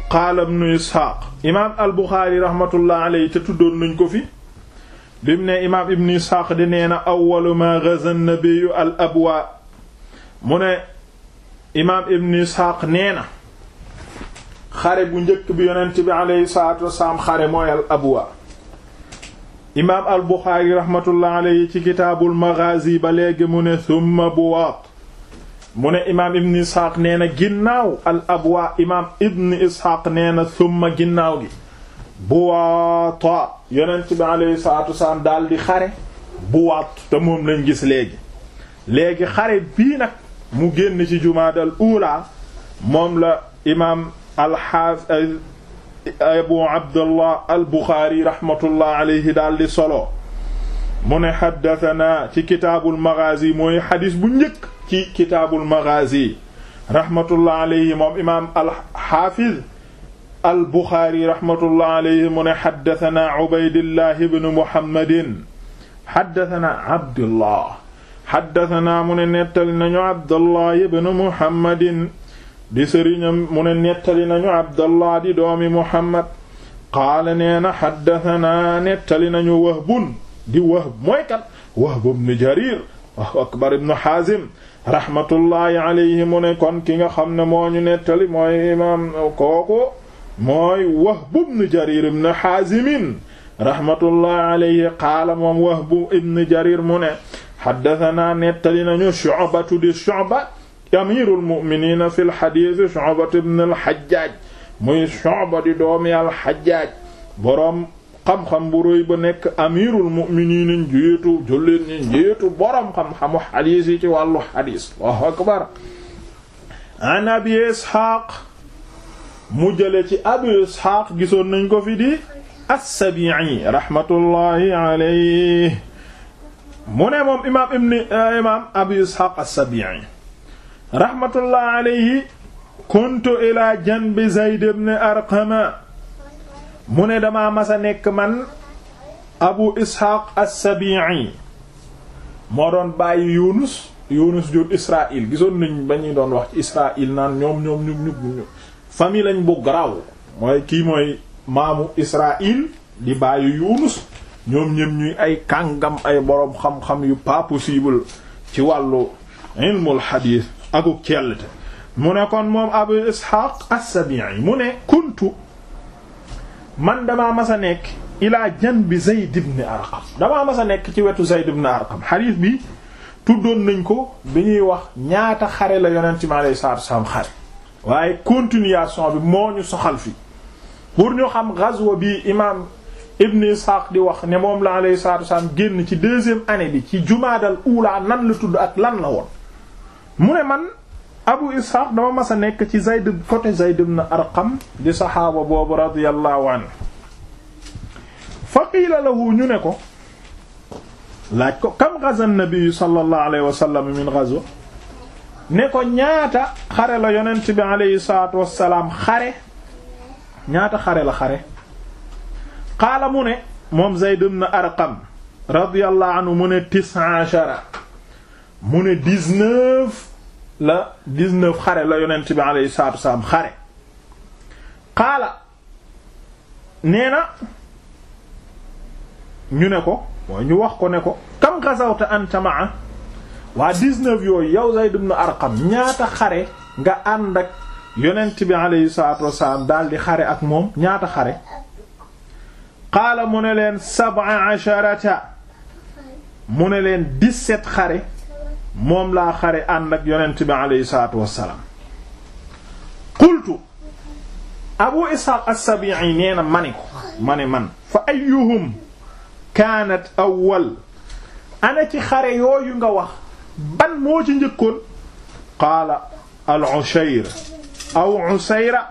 qaala ibnu isxaaq imaam al buxaari raxmatullah te tuddoon nañ ko fi bi mu ne imaam ibnu isxaaq di nee na awwalu maa gaza nabiyu al abwaa mu ne imaam ibnu isxaaq nee na xare bu njëkk bi yonent bi alayhi salaatu wasalaam xare mooy al abwaa imaam al buxaari raxmatullah alayhi ci kitaabul magaazi ba léegi mu ne summa buwaat mu ne imaam ibn isxaaq nee na ginnaaw al abwa imaam ibn isxaaq nee na ginnaaw gi buwaata yonent bi aleyhi salatu wasalaam daal di xare buwaat te moom lañ gis léegi léegi xare bii mu génn ci jumaadal uulaa moom la imaam alxaafiz abu abdullah al buxaari rahmatullah aleyhi daal di solo mu ne xaddatanaa ci kitaabul magaazi mooy xadis bu njëkk ci kitaabul maghazi rahmatullah alayhi moom imaam alxaafiz al buxaari rahmatullah alayhi mu ne xaddatanaa ubaydillah ibnu muhammadin xaddatanaa abdullah xaddatanaa mu ne nettali nañu abdullah ibnu muhammadin di sëriñam mu ne nettali nañu abdallah di doomi muhammad qaala nee na xaddatanaa nettali nañu wahbun di wahb mooy kat wahb ibnu jarir akbar ibnu xaazim rahmatullahi alayhi mu ne kon ki nga xam ne moo ñu nettali mooy imaam kooku mooy Wahb ibn Jarir ibn Haazim rahmatullahi alayhi qaala moom Wahb ibn Jarir mu ne haddasanaa nettali nañu Shu'batu di Shu'ba amiirul mu'miniina fil hadiis Shu'batu ibn al-Hajjaaj muy Shu'ba di doomi al xam-xam bu rëy ba nekk amirul mu'miniin njiitu jullit ñi njiitu borom xam-xamu xadiis yi ci wàllu xadiis Allahu akbar an abi isxaaq mu jële ci abi isxaaq gisoon nañ ko fi di as-Sabi'i rahmatullahi alayhi mu ne moom imaam ibn eh, imaam abi isxaaq as-Sabi'i rahmatullahi alayhi kuntu ila janbi Zayd ibn Arqama mu ne dama masa nekk man abu isxaaq as-sabi'i moo doon bàyyi yunus yunus jur israil gisoon nañ ba ñuy doon wax ci israil naan ñoom ñoom ñu ñu lañ bu garaaw mooy kii mooy maamu israil di bàyyi yunus ñoom ñëm ñuy ay kàngam ay boroom xam-xam yu pas possible ci wàllu ilmul xadiis akuk cellte mu ne kon moom abu isxaaq as-sabi'i mu ne kuntu man damaa mas a nekk ilaa jan bi Zayd ibn Arqam dama mas a nekk ci wetu Zayd ibn Arqam xadiis bi tuddoon nañ ko bi ñuy wax ñaata xare la yonent mi alayhi salaatu wassalaam xare waaye continuation bi moo ñu soxal fi pour ñu xam ghazwa bi imaam Ibn Ishaq di wax ne moom la alayhi salaatu wassalaam génn ci deuxième année bi ci jumaadal ula nan la tudd ak lan la woon mu ne man abu ishaq dama mas nekk ci zayd côté zayd ibn arqam di saxaaba boobu radiyallahu anhu fa qiila lahu ñu ne ko laaj ko kam gaza nabi sallallahu alayhi wa sallam min ghazwa ne ko ñaata xare la yonent bi alayhi salaatu wassalaam xare ñaata xare la xare qaala mu ne moom zayd ibn arqam radiyallahu anhu mu ne tis'a ashara mu ne la dix xare la yonent bi alayhi salaatu wasalaam xare xaala nee na ñu ne ko mooy ñu wax ko ne ko kam xasawta anta ma'a waa dix-neuf yooyu yow Zayd ibn Arqam ñaata xare nga ànd ak yonent bi alayhi salaatu wasalaam daal di xare ak moom ñaata xare qaala mu ne leen sab'a asharata mu ne leen dix-sept xare moom laa xare ànd ak yonent bi aleyhi salaatu wassalaam qultu abu isxaaq as-sabi'i nee na mani ko ma ne man fa ayyuhum kaanat awwal ana ci xare yooyu nga wax ban moo ci njëkkoon qaala al-ushayr aw usayra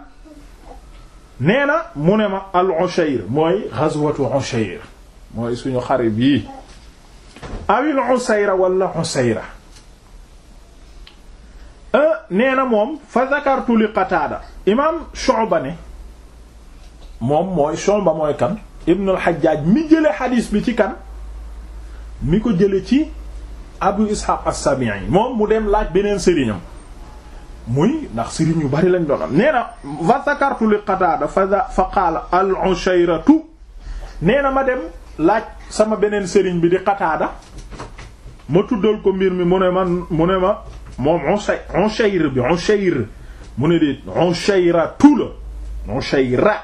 nee na mu ne ma al-ushayr mooy ghazwatu ushayr mooy suñu xare bii awil usayra wala usayra Euh, nee na moom fa zakartu li qataada imaam Shu'ba ne moom mooy Shu'ba mooy kan ibnul Hajjaaj mi jële xadiis bi ci kan mi ko jële ci Abu Ishaq as-Sabi'i moom mu dem laaj beneen sëriñam muy ndax sëriñ yu bari lañ doon am nee na fa zakartu li qataada fa qaala al-Ushayratu nee na ma dem laaj sama beneen sëriñ bi di qataada ma tuddal ko mbir mi mu ne man mu ne ma moom Ushayr bi Ushayr mu ne déet Ushayra tula Ushayra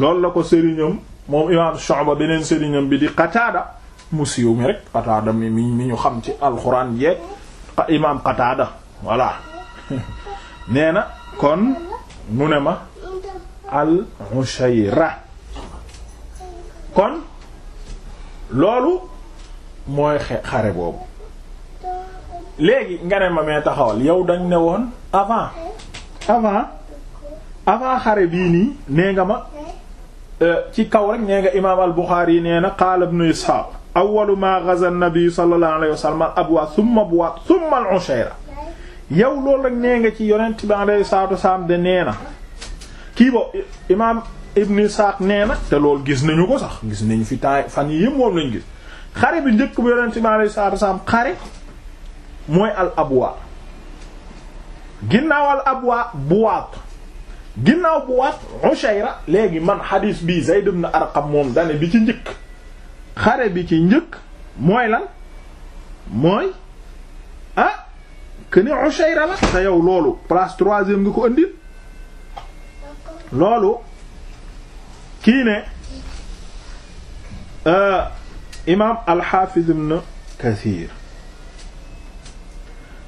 loolu la ko sëriñam moom imaam Shu'ba beneen sëriñam bi di Qataada mu siiw mi rek Qataada mi mi mi ñu xam ci alxuraan yeeg imaam Qataada voilà <laughs> nee na kon mu ne ma al Ushayra kon loolu mooy xare boobu léegi nga ne ma mee taxawal yow dañ ne woon avant avant avant xare bii nii nee nga ma euh, ci kaw rek nee nga imaam al-Bukhari nee na qaala ibnu Isxaaq awwalu maa ghaza an-nabi sallallahu alayhi wa sallam al loolu rek nee nga ci yonent bi alayhi salaatu wa salaam nee na bo imaam ibnu Isxaaq nee na te lool gis nañu ko sax gis nañu fi temps fan yi yëpp moom lañu gis xare bi njëkk bu yonent bi alayhi xare mooy al abwa ginnaaw al abwa buwaat ginnaaw buwaat ushayra léegi man xadiis bi zayd ibn arqam moom dane bi ci njëkk xare bi ci njëkk mooy lan mooy ah que a ushayra la te yow loolu place troisième nga ko andil loolu kii ne euh, imaam al xaafiz ibn kathir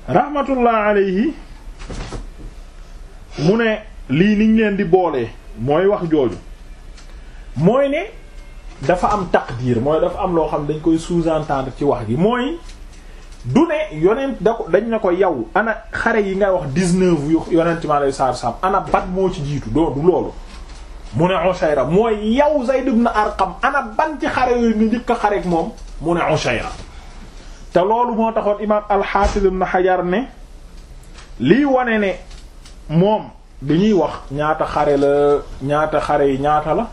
rahmatullah alayhi mu ne lii niñ leen di boolee mooy wax jooju mooy ne dafa am taqdir mooy dafa am loo xam dañ koy sous-entendre ci wax gi mooy du ne yonent da ko dañ ne ko yow ana xare yi ngay wax dix-neuf yu yonent mi alayhi salaatu salaam ana bat moo ci jiitu doo du loolu mu ne Ushayra mooy yow Zayd ibn Arqam ana ban ci xare yooyu nga njëkk a xareek moom mu ne Ushayra te loolu moo taxoon imaam al-Hafiz ibn Hajar ne lii wane ne moom bi ñuy wax ñaata xare la ñaata xare yi ñaata la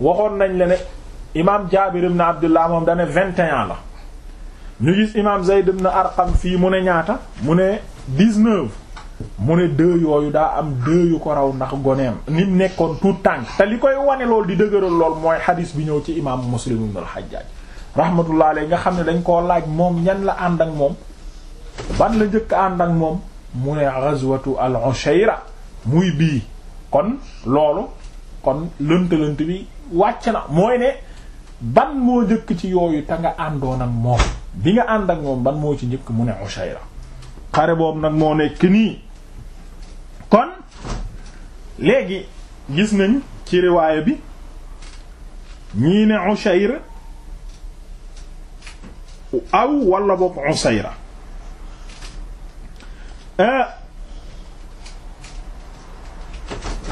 waxoon nañ la ne imaam Jaabir ibn Abdullah moom dane vingt et la ñu gis imaam Zayd ibn Arqam fii mu ne ñaata mu ne dix-neuf mu ne deux yooyu daa am deux yu ko raw ndax goneem nit nekkoon tout tànk te li koy wane lool di dëgëral lool mooy xadiis bi ñëw ci imaam Muslim ibn al-Hajjaj rahmatullah alayhi nga xam ne dañ koo laaj moom ñan la ànd ak moom ban la jëkk ànd ak moom mu ne ghazwatu al-Ushayra muy bii kon loolu kon lënt-lënt bi wàcc na mooy ne ban moo jëkk ci yooyu te nga àndoon ak moom bi nga ànd ak moom ban moo ci njëkk mu ne Ushayra xare boobu nag moo nekk nii kon léegi gis nañ ci riwaaya bi ñii ne Ushayra aw wala boog Usayra eh,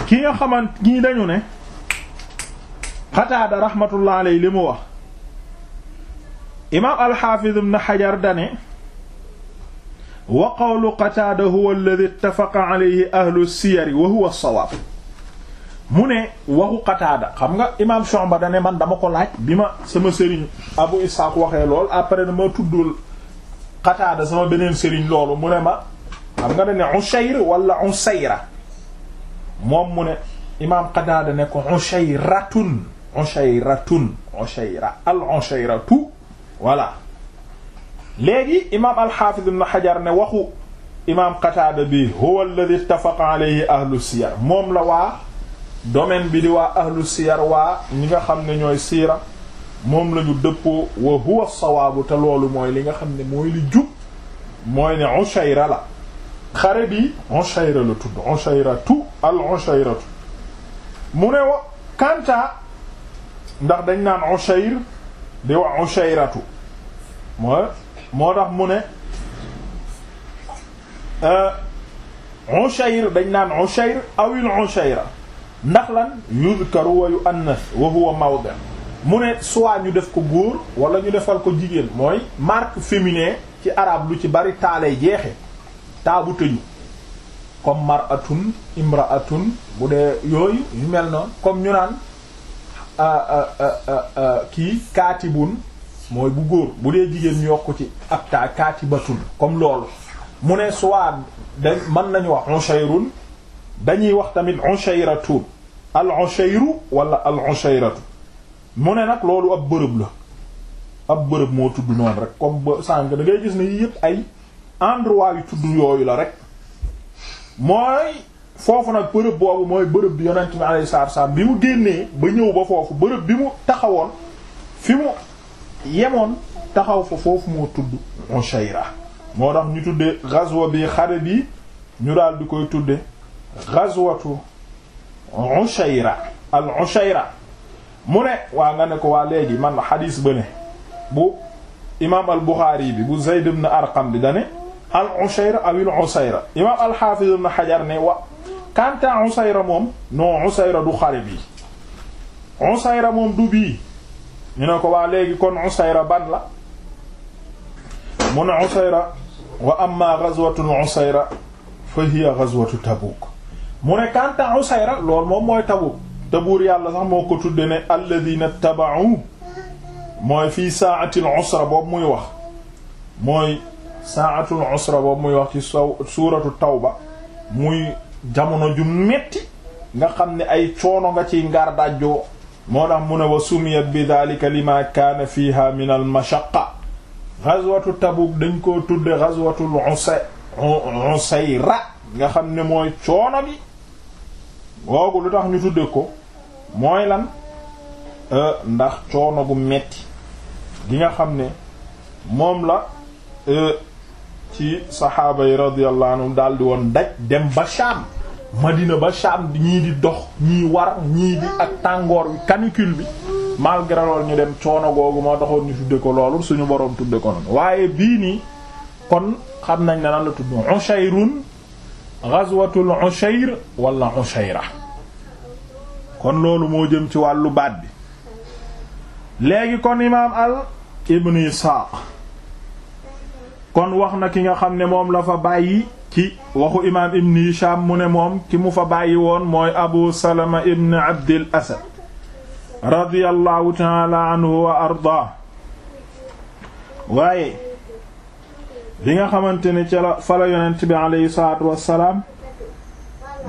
ki nga xamante ñii dañu ne Qataada rahmatullah alayhi li mu wax imaam al-Hafiz ibn Hajar dane wa qawlu Qataada huwa alladhi ittafaqa alayhi ahlu siyar wa huwa as-sawaab mu ne waxu Qataada xam nga imaam Shu'ba da ne man dama ko laaj bi ma sama sëriñ Abu Ishaq waxee lool après dama tuddul Qataada sama beneen sëriñ loolu mu ne ma xam nga da ne Ushayr wala Usayra moom mu ne imaam Qataada ne ko Ushayratun Ushayratun Ushayra al Ushayratu al-Hafiz waxu imaam Qataada bi huwa alladhi ittafaqa alayhi moom la waa domaine bi di waa ahlu siyar waa ñi nga xam ne ñooy siira moom la ñu dëppoo wa huwa sawaabu te loolu mooy li nga xam ne mooy li jub mooy ne Ushayra la xare bi Ushayra la tudd Ushayratu al Ushayratu mu ne wa ndax dañ naan Ushayr di wax Ushayratu mooy moo tax mu ne euh, Ushayr dañ naan Ushayr awil Ushayra ndax lan yuzkaru wa yuannas wa huwa mu ne suwaa ñu def ko góor wala ñu defal ko jigéen mooy mark féminin ci araab lu ci bari taalay jeexe taabu tëju comme imra imraatun bu dee yooyu yu mel noonu comme ñu naan kii kaatibun mooy bu góor bu dee jigéen ñu yokk ci ab kaatibatun comme loolu mu ne soit da mën nañu wax ushayrun dañuy wax tamit ushayratu al ushayru wala al ushayratu mu ne nag loolu ab bërëb la ab bërëb moo tudd noonu rek comme ba dangay gis ne yii yëpp ay endroit yu tudd yooyu la rek mooy foofu nag bërëb boobu mooy bërëb bi yonent bi alayhi salaatu salaam bi mu génnee ba ñëw ba foofu bërëb bi mu taxawoon fi mu yemoon taxaw fa foofu moo tudd Ushayra moo tax ñu tuddee ghazwa bi xare bi ñu daal di koy tudde ghazwatu Ushayra al Ushayra mu ne waa nga ne ko waa léegi man xadiis ba ne bu imaam al Buxaari bi bu Zayd ibn Arqam bi dane al Ushayra aw al Usayra imaam al Xaafiz ibn Hajar ne wa kanta Usayra moom non Usayra du xare bi Usayra moom du bii ñu ne ko waa léegi kon Usayra ban la mu ne Usayra wa amma ghazwatu al Usayra fa hiya ghazwatu Tabuk mu ne kanta lool moom mooy Tabuk te buur yàlla sax moo ko tudde ne alladina taba'u mooy fii saatil usra boobu muy wax mooy saatul usra boobu muy wax ci saw suuratu tawba muy jamono ju metti nga xam ne ay coono nga ci ngaar dajjoo moo tax mu ne wa sumiyat bi daalika lima kaana fiha min al mashaqqa dañ koo tudde ghazwatul nga xam ne mooy coono bi googu lu tax ñu tudde ko mooy lan euh, ndax coono gu metti gi nga xam ne moom la euh, ci saxaaba yi radiyallahu anhum daldi woon daj dem ba Sham Madina ba Sham ñii di dox ñii war ñii di ak tàngoor bi canicule bi malgré ñu dem coono googu moo taxoon ñu tudde ko loolu suñu boroom tudde ko noonu waaye bii nii kon xam nañ ne nan la tudd Ushayrun ghazwatul Ushayr wala Ushayra kon loolu moo jëm ci wàllu baat bi léegi kon imaam al ibnu isaaq kon wax na ki nga xam ne moom la fa bàyyi ci waxu imaam ibnu hisham mu ne moom ki mu fa bàyyi woon mooy abu salama ibn abdil asad radiyallahu taala anhu wa arda waaye bi nga xamante ne ca la fa la yonent bi aleyhi salaatu wassalaam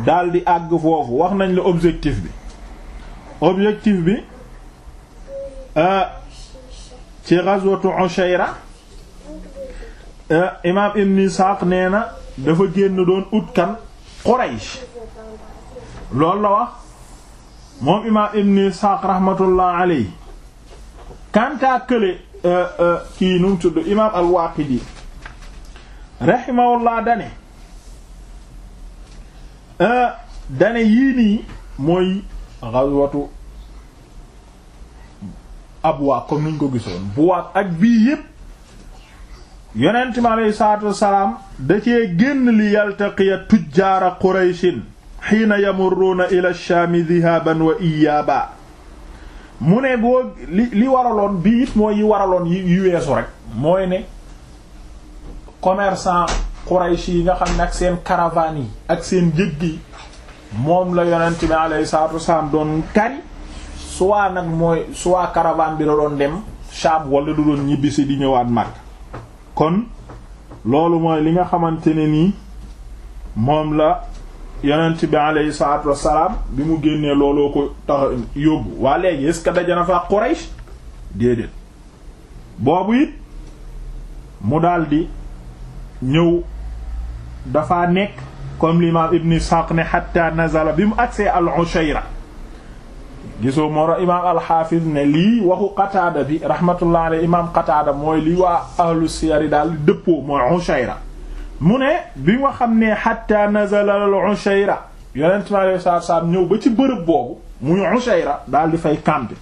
daldi àgg foofu wax nañ la objectif bi objectif bi euh, ci ghazwatu Ushayra euh, imaam Ibn Isaaq nee na dafa génn doon ut Quraysh loolu la wax moom imaam Ibn Isaaq rahmatullah alayhi kantaa kële euh, kii nu mu tudd imaam al-Waaqidi rahimahullah dane dane yii mooy ghazwatu Abwa ko niñ ko gisoon bu Buwaat ak bii yépp yonent mi aleyhi wassalaam da cee génn li yaltaqiya tujjaara qurayshin xiina yamurruuna ila shaami dihaban wa iyaaba mu ne boo li li waraloon bii it mooy yi waraloon yi weesu rek mooy ne commerçant quraysh yi nga xam ne ak seen caravanes ak seen jëgg yi moom la yonent bi alayhi salaatu wasalaam doon kari soit nag mooy soit caravane bi la doon dem Sham wala du doon ñibbisi di ñëwaat mag kon loolu mooy li nga xamante ne nii moom la yonent bi alayhi salaatu wasalaam bi mu génnee looloo ko tax yóbbu waa léegi est-ce que fa Quraysh déedéet boobu it mu daldi ñëw dafa nekk comme l'imam ibn Ishaq ne hatta nazala bi mu agsee al-Ushayra gisoo moo imaam al-Hafiz ne lii waxu Qataada bi rahmatullah imaam Qataada mooy li waa ahlu siyar yi daal dëppoo mooy Ushayra mu ne bi nga ne hatta nazala al-Ushayra yonent mi alayhi salaatu salaam ñëw ba ci bërëb boobu muy Ushayra daal di fay campé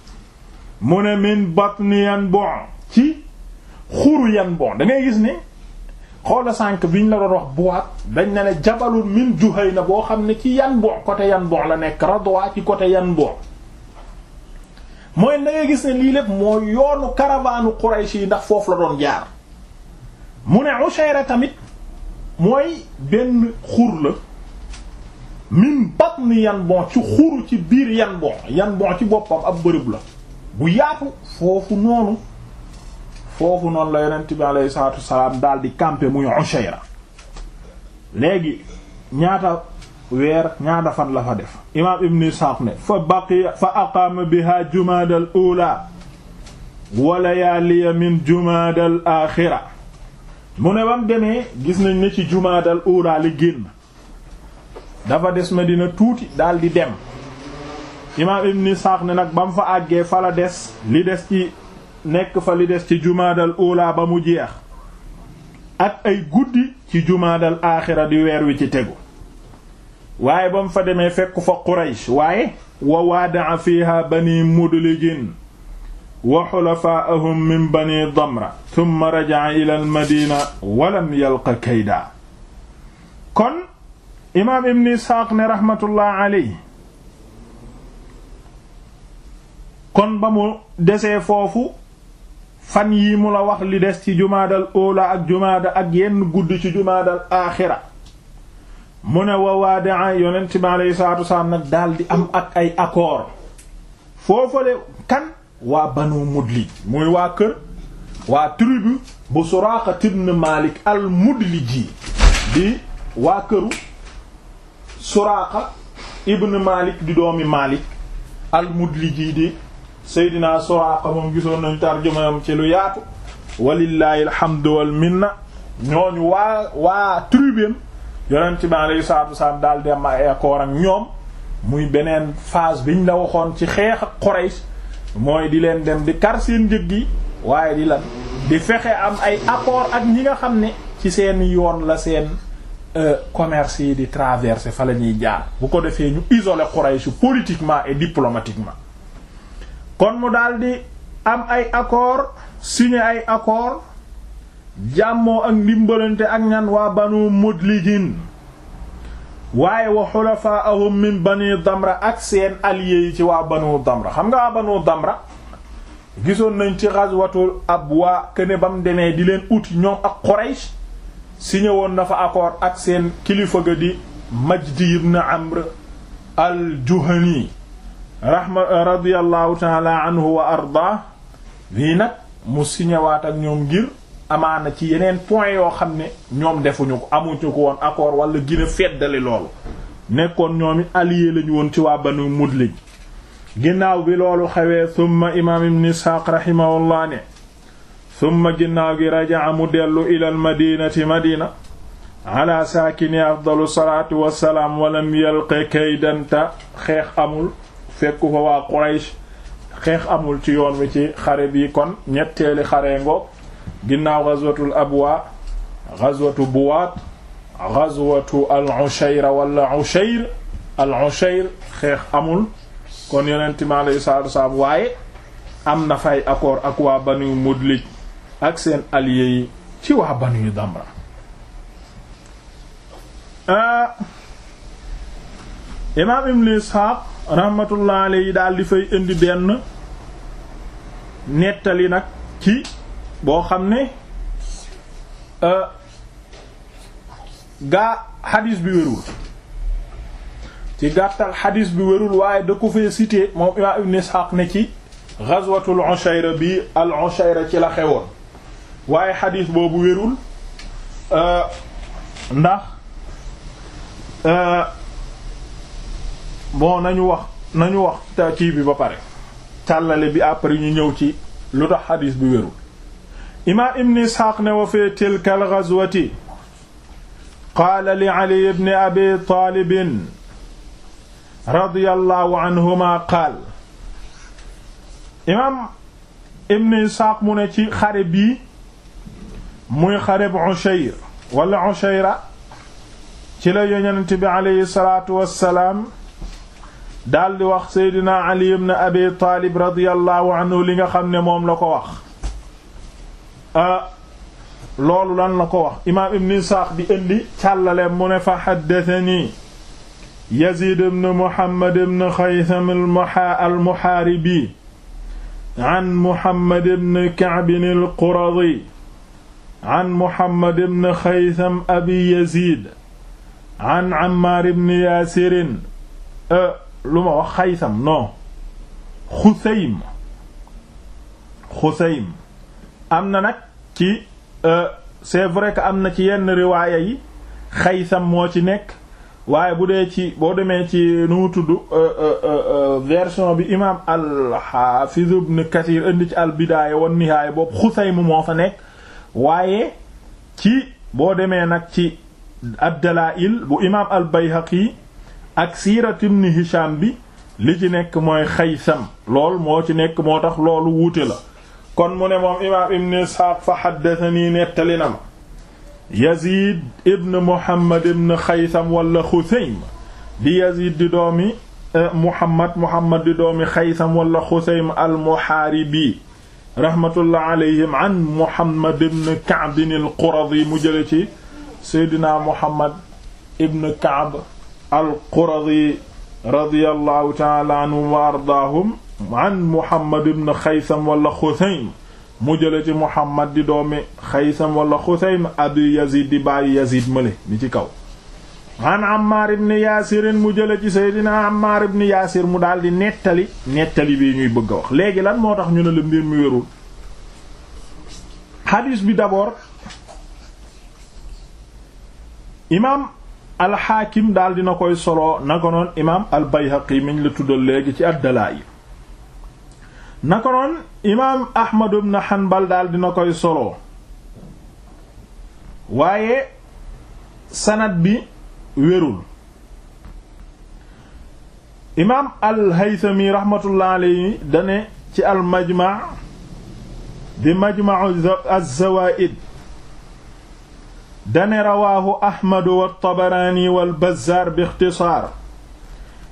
mu ne min batni yan ci xuru yan bon gis ne xoola sànq biñ la doon wax buwaat dañ ne la jabalun min na boo xam ne ci yan boo côté yan boo la nekk Radwa ci côté yan boo mooy na gis ne lii lépp moo yoonu caravane Quraysh yi ndax foofu la doon jaar mu ne Ushayra tamit mooy benn xur la min batn yan bon ci xuru ci biir yan bon yan bon ci boppam ab bërëb la bu yaatu foofu noonu foofu noonu la yonent bi alayhi salaatu wasalaam daal di campé muy Ushayra léegi ñaata weer ñaata fan la fa def imaam ibn Isxaaq ne fa baqiya fa aqaama biha jumaada al ula wa layaaliya min jumaada al mu ne bam demee gis nañ ne ci jumaada al ula li génn dafa des Medina tuuti daal di dem imaam ibn ne nag bam fa àggee fa la des li des ci nekk fa li des ci jumaadal uulaa ba mu jeex ak ay guddi ci jumaadal aaxira di weer wi ci tegu waaye ba mu fa demee fekk fa Quraysh waaye wa waada'a fiiha bani mudlijin wa xulafaa'ahum min bani damra tumma raja'a ila almadina walam yalqa kayda kon imaam ibn isxaaq ne raxmatullah aley kon ba mu desee foofu fan yii mu la wax li des ci jumaadal oola ak jumaada ak yenn guddi ci jumaadal aaxira mu ne wa waadaa yonent bi aleyhi salaatu wasalaam nag daldi am ak ay accord foofale kan waa banu mudlij muy waa kër waa tribu bu Suraaqa ibn Maalik al mudliji di waa këru Suraaqa ibn Maalik di doomi Maalik al mudliji di Seydina Suraaqa moom gisoon nañu tarjumayam ci lu yaatu walillaahi alhamdu wal minna ñooñu waa waa tribune yonent bi alayhi salaatu wasalaam daal dem ay accord ak ñoom muy beneen phase biñ la waxoon ci xeex ak Quraysh mooy di leen dem di kar seen njëg gi waaye di lan di fexe am ay accord ak ñi nga xam ni ci seen yoon la seen euh, commerce yi di traverser fa la ñuy jaar bu ko defee ñu isoler Quraysh politiquement et diplomatiquement kon mu daldi am ay accord signé ay accord jàmmoo ak ndimbalante ak ñan waa banu mudlijin waaye wa xulafaahum min bani damra ak seen alliés yi ci waa banu damra xam nga waa banu damra gisoon nañ ci ghazwatul abwa këne ba mu demee di leen uti ñoom ak Quraysh signé woon na fa accord ak seen kilifa ga di Majdi ibn Amr al rahma euh, radiyallahu taala wa arda lii nag mu siñewaat ak ñoom ngir amaana ci yeneen point yoo xam ne ñoom defuñu ko amuñu ko woon accord wala gën a feddali loolu nekkoon ñoom it allié lañu woon ci waa banu mudlij ginnaaw bi loolu xewee summa imaam ibn isxaaq rahimahullah ne summa ginnaaw gi rajaa mu dellu ilal madinati madina ala saakini afdalu salaatu salaam walam yalqa kaydanta xeex amul fekku fa waa Quraysh xeex amul ci yoon wi ci xare bi kon ñetteeli xare ngo ginnaaw ghazwatul abwa ghazwatu buwaat ghazwatu al-ushayra wala ushayr al-ushayr xeex amul kon yonent mi alayhi salaatu waaye am na fay ak waa banu mudlij ak seen allié yi ci waa banu damra ah, imaam ibn Isxaaq rahmatullah yi daal di fay indi benn nettali nag ci boo xam ne euh, gaa xadis bi wérul ci gàttal xadis bi wérul waaye da ko fee cité moom imaam ibn Ishaq ne ci ghazwatul Ushayra bi al Ushayra ci la xewoon waaye xadis boobu wérul euh, ndax euh, bon nañu wax nañu wax ta kii bi ba pare càllale bi après ñu ñëw ci lu tax xadiis bi wérul imaam ibn isxaaq ne wa fee tilka al ghazwati qaala li ali ibn abi taalibin radiyallahu anhuma qaal imaam ibn isxaaq mu ne ci xare bi muy xareb ushayr wala ushayra ci la yonent bi aleyhi salaatu wassalaam daldi wax seydina ali ibn abi taalib radiyallahu anhu li nga xam ne moom la ko wax ah, loolu lan la ko wax imaam ibn isxaaq di indi càllale mu ne fa xaddatani yazid ibn muhammad ibn xaysam almuxaaribi an muhammad ibn kaabin alquradi an muhammad ibn xaysam abi yazid an ammaar ibn yaasirin eh, lu ma wax xaysam non xuseym xuseym am na nag ci euh, c'est vrai que am na ci yenn riwaaya yi xaysam moo ci nekk waaye bu dee ci boo demee ci nu mu tudd euh, euh, version bi imaam al-Hafiz ibn Kathir indi ci al-Bidaaya wan Nihaaya boobu xuseym moo fa nekk waaye ci boo demee nag ci ad-Dalaa'il bu imaam al-Bayhaqi ak siirat ibn Hisham bi li ci nekk mooy xaysam lool moo ci nekk moo tax loolu wuute la kon mu ne moom imaam ibn Isxaaq fa xaddatanii nettali na ma Yazid ibn Muhammad ibn xaysam wala Xuseym di Yazid di doomi eh, Muhammad Muhammad di doomi xaysam wala Xuseym al rahmatullah alayhim Muhammad ibn Ka'b al-Quradi mu jële ci Seydina Muhammad ibn Ka'b al-Quradi radiyallahu taala anhum wa ardaahum an Muhammad ibn Xaysam wala Xusaym mu jële ci Muhammad di doomi Xaysam wala Xusaym abi Yazid di bàyyi Yazid male ni ci kaw an Ammaar ibn Yaasir mu jële ci Seydina Ammaar ibn Yaasir mu daal di nettali nettali bii ñuy bëgg a wax léegi lan moo tax ñu ne la mbir mi wérul xadiis bi d'abord alxaakim daal dina koy solo naka noon imaam albayhaqi miñ la tuddal léegi ci addalaa'il naka noon imaam ahmad ibn hanbal daal dina koy solo waaye sanad bi wérul imaam alhaythami rahmatullah alayhi dane ci almajma di majma'u az dane rawaahu ahmadu waltabaraani walbazaar bi ixtisaar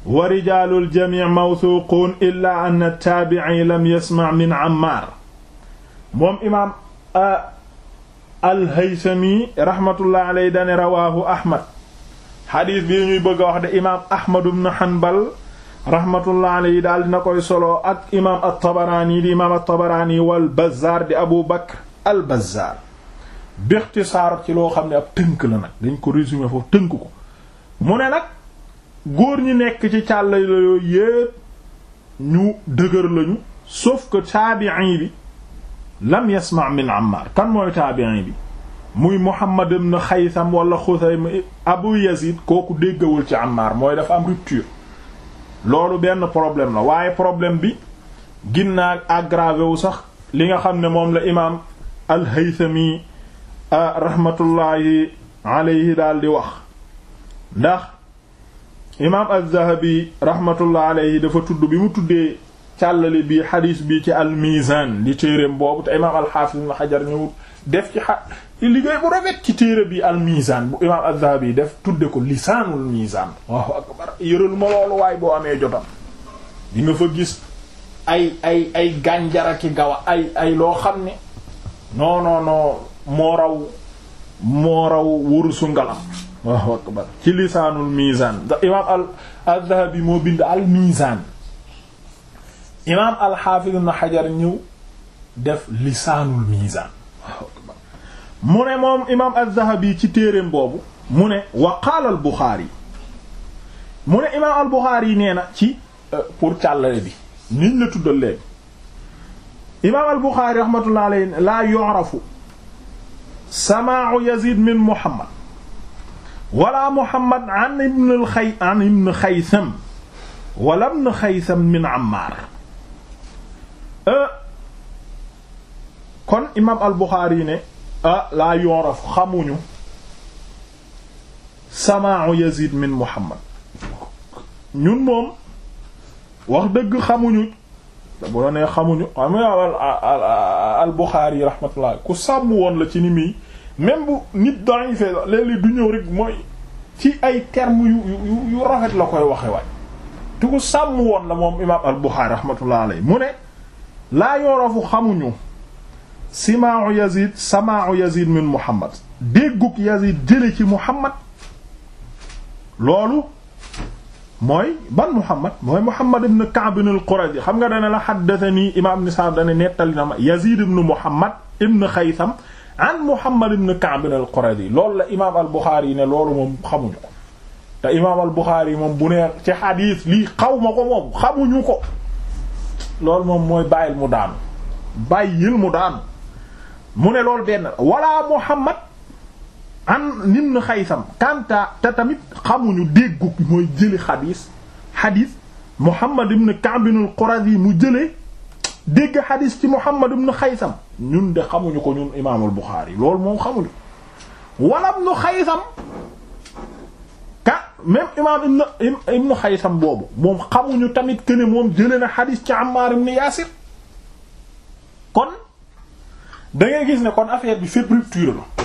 wa rijaalu aljamic mawthuquun illa an attaabici lam yasmac min ammaar moom imaam alhaysami raxmatullah aley dane rawaahu ahmad xadiis bii ñuy bëgg a wax de imaam ahmadu bnu hanbal raxmatullah aley daal dina koy solo ak imaam altabaraani di imaam altabaraani walbazaar di abu bakr albazaar bixtisaar ci loo xam ne ab tënk la nag dañ ko résumer foofu tënk ko mu ne nag góor ñi nekk ci càll la yooyu yépp ñu dëgër lañu sauf que taabi'i bi lam yasma min Ammar kan mooy taabi'i bi muy Muhammad ibn Xaysam wala Xusayma Abu Yazid kooku déggawul ci Ammar mooy dafa am rupture loolu benn problème la waaye problème bi ginnaa aggravé wu sax li nga xam ne moom la imaam al rahmatullahi alayhi daal di wax ndax imaam az-Zahabi rahmatullahi alayhi dafa tudd bi mu tuddee càllale bi xadiis bi ci al-Mizan di téereem boobu te imaam al-Hafiz Ibn Hajar ñëw def ci xa liggéey bu rafet ci téere bi al-Mizan bu imaam az-Zahabi def tudde ko lisaanul Mizan waaw akbar waay bo amee jotam di fa gis ay ay ay gànjara ki gawa ay loo xam ne non non non moo raw moo raw wurusu ci lisaanul mizaan ndax imaam al moo bind al-mizaan imaam Hajar ñëw def lisaanul mizaan waaw mu ne moom imaam al-Dhahabi ci téereem boobu mu ne wa qaala al-Bukhari mu ne imaam al-Bukhari nee ci euh, pour càllale bi niñ la tuddal léegi imaam al-Bukhari rahmatullah alayhi la yu'rafu samaau yazid min muhammad wala muhammad an ibn al xay an ibn xaysam wala ibn xaysam min ammaar euh, kon imaam al buxaari ne ah laa yoraf xamuñu samaau yazid min muhammad ñun moom wax dëgg xamuñu bu la nee xamuñu xam nga al al Buxaari rahmatullah ku sàmm woon la ci ni muy même bu nit daañu fee léeg-léeg du ñëw rek mooy ci ay termes yu yu rafet la koy waxe waay te ku sàmm woon la moom imaam al Buxaari rahmatullah alayhi mu ne laa yorofu xamuñu simaau Yazid samaau Yazid min Muhammad déggug Yazid jële ci Muhammad loolu. mooy ban Muhammad mooy Muhammad ibn Ka'b ibn al-Qurazi xam nga dana la haddathani imaam Ibn Sa'd dana nettali na ma Yazid ibn Muhammad ibn Khaytham an Muhammad ibn Ka'b ibn al-Qurazi loolu la imaam al-Bukhari ne loolu moom xamuñu ko te imaam al-Bukhari moom bu ne ci xadiis lii xaw ma ko moom xamuñu ko loolu moom mooy bàyyil mu daanu bàyyil mu daanu mu ne loolu benn wala Muhammad an nim na xaysam kanta te tamit xamuñu déggu mooy jële xadis xadis Muhammad ibn Ka'b al-Qurazi mu jële dégg xadis ci Muhammad ibn xaysam ñun de xamuñu ko ñun imaamul Buxaari loolu moom xamuñu wala ibn xaysam ka même imaam ibn ibn boobu moom xamuñu tamit que ne moom jële na xadis ci Ammaar ibn Yaasir kon da gis ne kon affaire bi fépp rupture la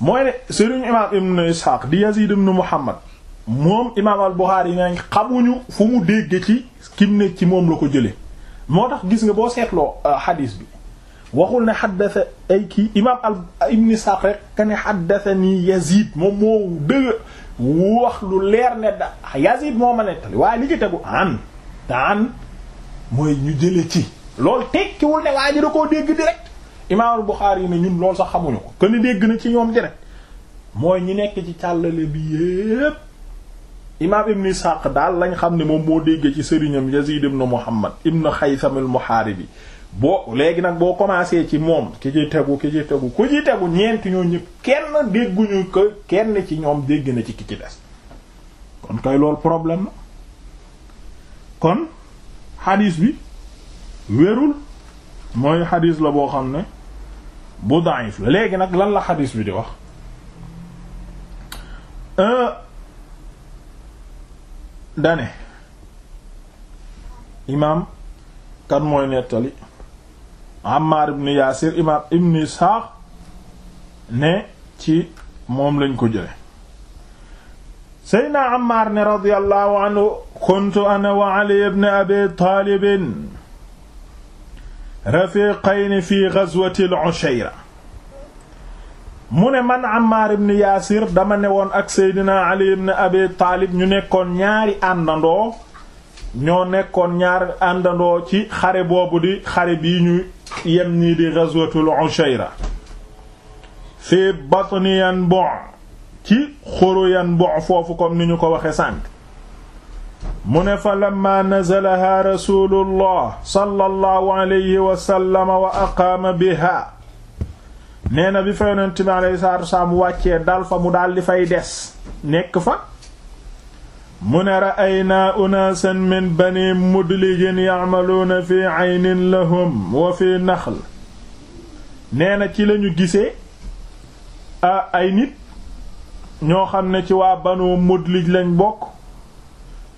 mooy ne sëriñ imaam ibn Ishaq di Yazid ibn Muhammad moom imaam al-Bukhari nañ xamuñu fu mu dégg ci kim ne ci moom la ko jële moo tax gis nga boo seetloo euh, xadiis bi waxul ne xaddasa ay kii imaam al ibn Ishaq rek ka ne xaddasa nii Yazid moom moo dëgg wax lu leer ne da Yazid moo ma nettali waaye li ci tegu an daan mooy ñu jële ci loolu tekkiwul ne waa ji da koo dégg direct imaamul Buxaari yi ne ñun lool sa xamuñu ko que ni dégg na ci ñoom direct mooy ñi nekk ci càllale bi yépp imaam ibn Ishaq daal lañ xam ne moom moo déggee ci sëriñam Yazid ibn Muhammad ibn Haytham al bi boo léegi nag boo commencé ci moom ki ci tegu ki ci tegu ku ci tegu ñeenti ñoo ñëpp kenn dégguñu ko kenn ci ñoom dégg na ci ki ci des kon kay loolu problème la kon xadiis bi wérul mooy xadiis la boo xam ne bu daif la léegi nag lan la xadis bi di wax euh, dane imaam kan mooy nettali Ammar ibn Yaasir ne ci moom lañ ko jële Seydina Ammar ne radiyallahu anhu kuntu ana wa Ali ibn Abi Taalib rafiqayni fi ghazwati al-Ushayra mu ne man Ammaar ibn Yaasir dama ne woon ak Seydina Ali ibn Abi Taalib ñu nekkoon ñaari àndandoo ñoo nekkoon ñaar àndandoo ci xare boobu di xare bii ñu yem nii di ghazwatul Ushayra fi batni Yanbu' ci xuru Yanbu' foofu comme ni ñu ko waxe sànq mu ne fa lamma nazalaha rasulullah sallallahu alayhi wa sallama biha nee na bi fa yonent bi alayhi salaatu wàccee dal fa mu daal di fay des nekk fa mu ne ra'aynaa unaasan min bani mudlijin ya'maluuna fi aynin lahum wa fi naxl nee na ci lañu gisee a ay nit ñoo xam ne ci waa banu mudlij lañ bokk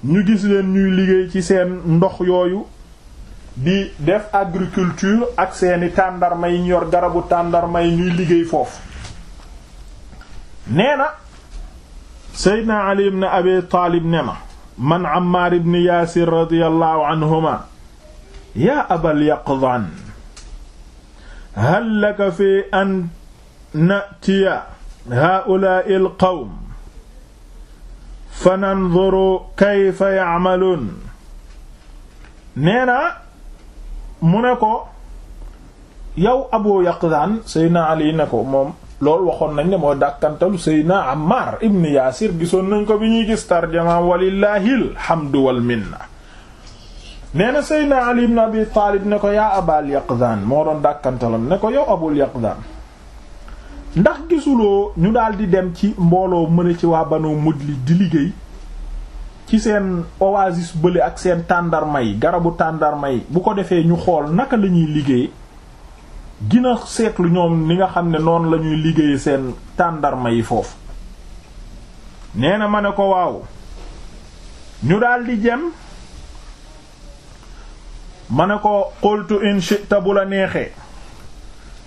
ñu gis leen ñuy liggéey ci seen ndox yooyu di def agriculture ak seeni tàndarma yi ñu yor garabu tàndarma yi ñuy liggéey foofu nee na seydna ali ibn abi taalib ne ma man ammaar ibn yaasir radiyallahu anhuma yaa abal yaqdan hal laka fi an natiya haa'ulaa'i al qawm fa nanzuru kayfa ya'malun nee mu ne ko yow Abu Yaqzan Seydina Ali ne ko moom loolu waxoon nañ ne moo dàkkantalu Seydina Ammar ibn Yaasir gisoon nañ ko bi ñuy gis tarjama walillahil hamdu wal minna nee na Seydina Ali ibn Abi Taalib ne ko yaa Abal Yaqzan moo doon dàkkantalam ne ko yow Abul Yaqzan ndax gisuloo ñu daldi dem ci mbooloo mëne ci waa Banu Mudli di liggéey ci seen oasis bële ak seen tàndarma yi garabu tàndarma yi bu ko defee ñu xool naka lañuy ñuy liggéey gina seetlu ñoom ni nga xam ne noonu la ñuy liggéey seen tàndarma yi foofu nee na ma ne ko waaw ñu daldi di ma ne ko qultu in shi'ta bu la neexee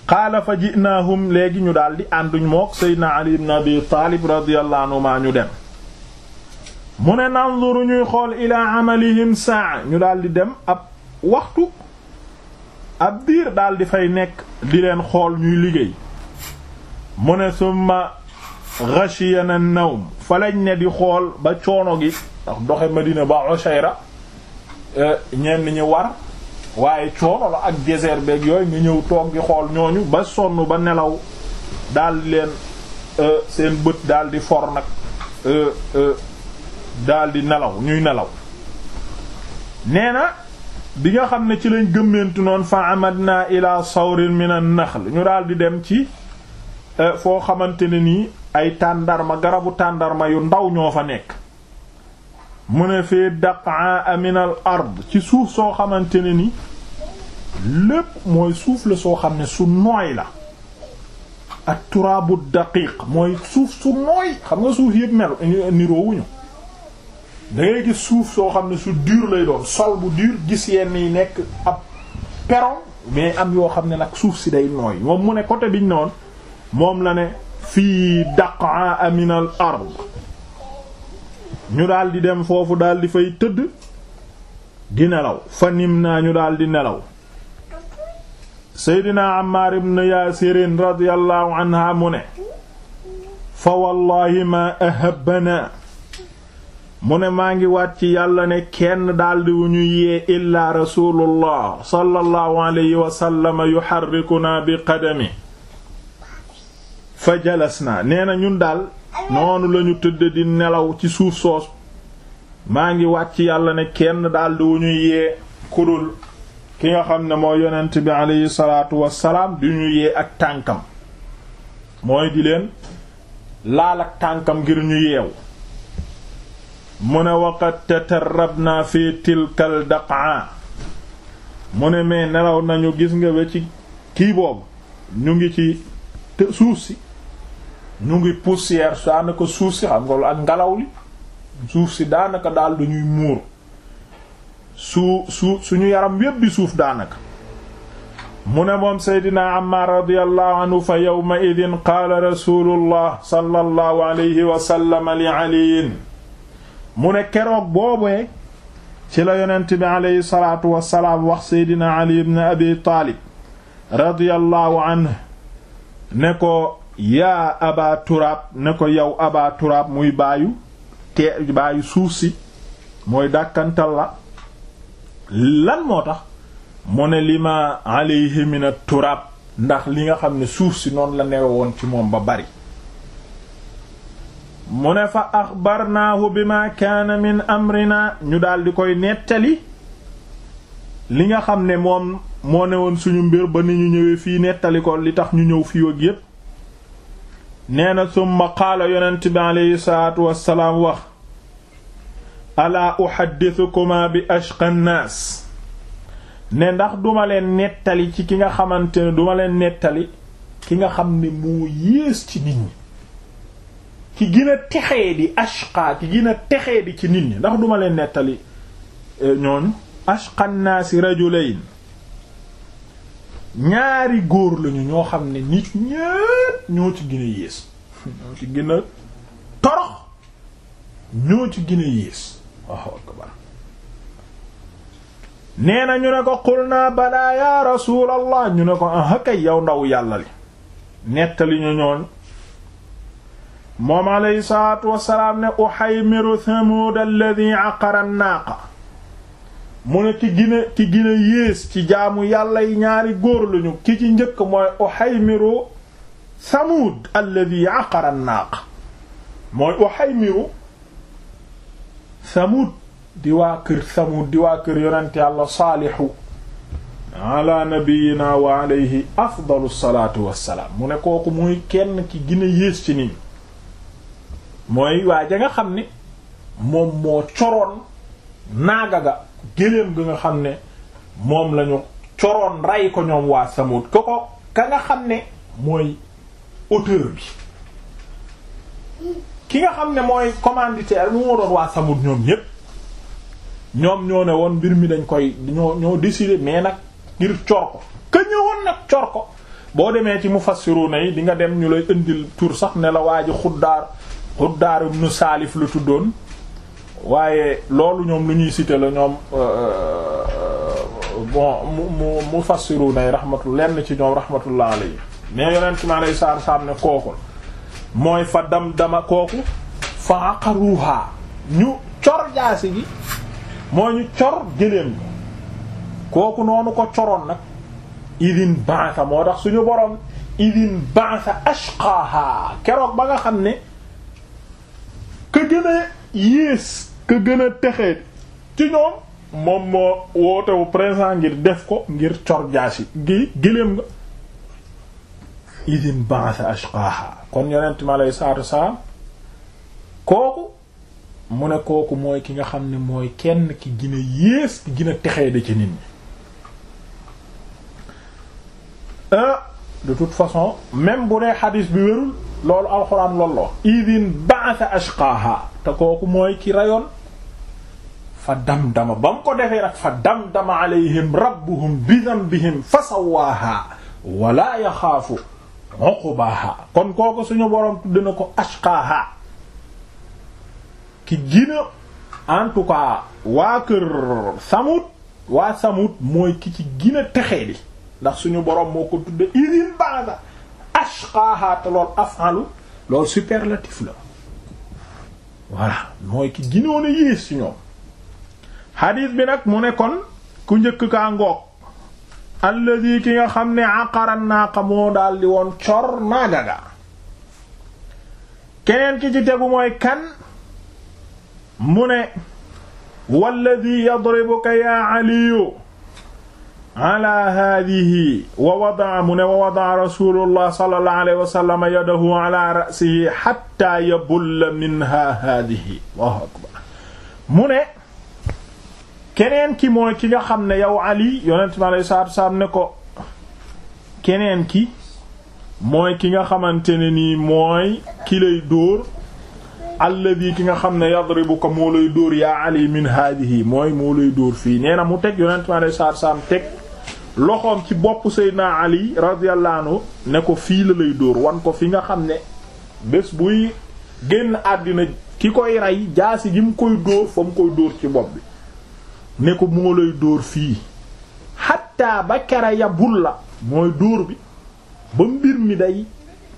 qaala fa ji'naahum léegi ñu daal di ànduñ mook seydna ali ibn abi taalib radiyallahu anhu maa ñu dem mu ne nanzuru ñuy xool ilaa amalihim saa ñu daal dem ab waxtu ab diir daldi fay nekk di leen xool ñuy liggéey mu ne summa ghashiyana nawm fa lañ ne di xool ba coono gi ndax doxe Madina ba Ushayra eh, ñenn ñi war waaye coono la ak désert yooyu nga ñëw toog xool ñooñu ba sonn ba nelaw daldi leen euh, seen bët daal for nag euh, euh, daldi nelaw ñuy nelaw nee na bi nga xam ne ci lañ gëmmantu noonu fa amadna ila sawrin min an-naxl ñu daal di dem ci foo xamante ne nii ay tàndarma garabu tàndarma yu ndaw ñoo fa nekk mu ne fii daqaa min al ard ci suuf soo xamante ne ni lépp mooy suuf la soo xam ne su nooy la ak turaabu daqiq mooy suuf su nooy xam nga suuf yëpp melu niroowuñu da ngay gis suuf soo xam ne su dur lay doon sol bu dur gis yenn yi nekk ab peron mais am yoo xam ne nag suuf si day nooy moom mu ne côté biñ noon moom la ne fii daqaa min al ard ñu daldi dem foofu daldi fay tëdd di nelaw fa nim naa ñu daldi nelaw seydina Ammaar ibn Yaasirin radiyallahu anha mu ne fa wallahi ma ahabbana mu ne maa ngi waat ci yàlla ne kenn daldi wu ñu yee illaa rasulullah sallallahu alayhi wa yuharrikunaa bi qadami fa jalasnaa nee na ñun daal noonu lañu tëdd di nelaw ci suuf soos maa ngi wàcc yàlla ne kenn daldi wu ñuy yee kudul ki nga xam ne moo yonent bi aleyhi salaatu wassalaam di ñu yee ak tànkam mooy di leen laal ak tànkam ngir ñu yeew mu ne rab tatarrabna fi tilkal daqa mu ne mais nelaw nañu gis nga ba ci kii boobu ñu ngi ci suuf si ñu ngi poussière daanaka suuf si xam nga ak ngelaw li suuf si daanaka daal dañuy muur su su suñu yaram yépp suuf daanaka mu ne moom seydina Ammaar radiyallahu anhu fa yawma idin qaala rasulullah sallallahu alayhi wa sallam li aliyin mu ne keroog boobee ci la yonent bi salaatu wassalaam wax seydina Ali ibn Abi Taalib radiyallahu anhu ne ko yaa aba turaab ne ko yow aba turaab muy baayu tee baayu suuf si mooy dàkkantal la lan moo tax mu ne li ma alayhi min turaab ndax li nga xam ne suuf si noonu la newe woon ci moom ba bari mu ne fa axbarnaahu bi ma kaana min amrina ñu daldi koy nettali li nga xam ne moom moo ne woon suñu mbir ba ni ñu ñëwee fii nettali ko li tax ñu ñëw fii ak yépp nee na summa qaala yonent bi aleyhi salaatu wassalaam wax alaa uxaddisukumaa bi ashqa nnaas ne ndax duma leen nettali ci ki nga xamante ne duma leen nettali ki nga xam ni moo yées ci nit ñi ki gën a texee di ashqa ki gën texee di ci nit ñi ndax duma leen nettali eh, ñooñu ashqa nnaasi rajulayn ñaari góor lañu ñoo xam ne nit ñépp ñoo ci gën a yées ñoo ci gën a torox ñoo ci gën yées nee na ñu ne ko xul naa balaa ya rasulallah ñu ne ko aha kay yow ndaw yàlla li nettali ñu ñooñ moom alayhi salaatu wassalaam ne uxaymiru thamud alladhi aqara naaqa mu ne ki gina ki gina yées ci jaamu yàlla ñaari góor lañu ki ci njëkk mooy Uxaymiru Samud alladi aqara naaq mooy Uxaymiru Samud di waa kër Samud di waa kër yonent yàlla wa alayhi afdalu salaatu wassalaam mu ne kooku muy kenn ki gina yées ci nii mooy waa ja nga xam ni moom moo coroon naaga ga géléem gi nga xam ne moom lañu coroon rey ko ñoom waa Samud ko ko ka nga xam ne mooy auteur bi ki nga xam ne mooy commanditaire bi moo doon waa Samud ñoom ñépp ñoom ñoo ne woon mbir mi dañ koy ñoo ñoo décider mais nag ngir cor ko ka ñëwoon nag cor ko boo demee ci mufassiruna yi di nga dem ñu lay indil tur sax ne la waa ji xuddaar xuddaar ibn Saalif lu tuddoon waaye loolu ñoom lu ñuy citer la ñoom euh, euh, bon mu mu mu fassiru nay rahmatu lenn ci ñoom rahmatullah alayhi mais yonent mi alayhi salaatu salaam ne kooku mooy fa dam dama kooku fa aqaruha ñu cor jaasi gi mooy ñu cor gëléem kooku noonu ko coroon nag idin bansa moo tax suñu borom idin bansa ashqaha keroog ba nga xam ne ka gën yées ka gën a texee ci ñoom moom moo wootewu présent ngir def ko ngir cor jaasi gi géléem nga idin ba'atha ashqaha kon yonent mi aleyhi salaatu wasalaam kooku mu ne kooku mooy ki nga xam ni mooy kenn ki gën a yées ki gën a da ci nit ñi ah, de toute façon même bu dee xadis bi wérul loolu alxuraan loolu la idin ba'atha ashqaha te kooku mooy ki rayoon fa damdama ba mu ko defee nag fa damdama alayhim rabbuhum bi dhanbihim fa sawaaha wala yaxaafu uqbaha kon kooku suñu borom tudd na ko ashqaha ki gina en tout waa kër samut waa samut mooy ki ci gina texee di ndax suñu borom moo ko tudde idin baada ashqaha te loolu af'alu loolu superlatif la voilà mooy ki ginoon a yées ñoom xadiis bi nag mu ne kon ku njëkk kaa ngoog alladi ki nga xam ne àqara naaqa moo daldi woon cor naaga ga keneen ki ci tegu mooy kan mu ne walladi yadribuka yaa aliyu ala haadihi wa wadaa mu ne wa wadaa rasulullah sallallahu alayhi wa sallam yadahu ala ra'sihi hatta yabulla minha haadihi allahu akbar mu ne keneen ki mooy ki nga xam ne yow Ali yonent mi alei salatu salaam ne ko keneen ki mooy ki nga xamante ne nii mooy ki lay dóor alladi ki nga xam ne yadribu ko moo lay dóor yaa ali min haadihi mooy moo lay dóor fii nee na mu teg yonent mi alei salatu salaam teg loxoom ci bopp Seydina Ali radiyallahu anhu ne ko fii la lay dóor wan ko fi nga xam ne bés buy génn àddina ki koy rey jaasi gi mu koy dóor fa mu koy dóor ci bopp bi ne ko moo lay dóor fii xatta ba kera yabul la mooy dóor bi ba mbir mi day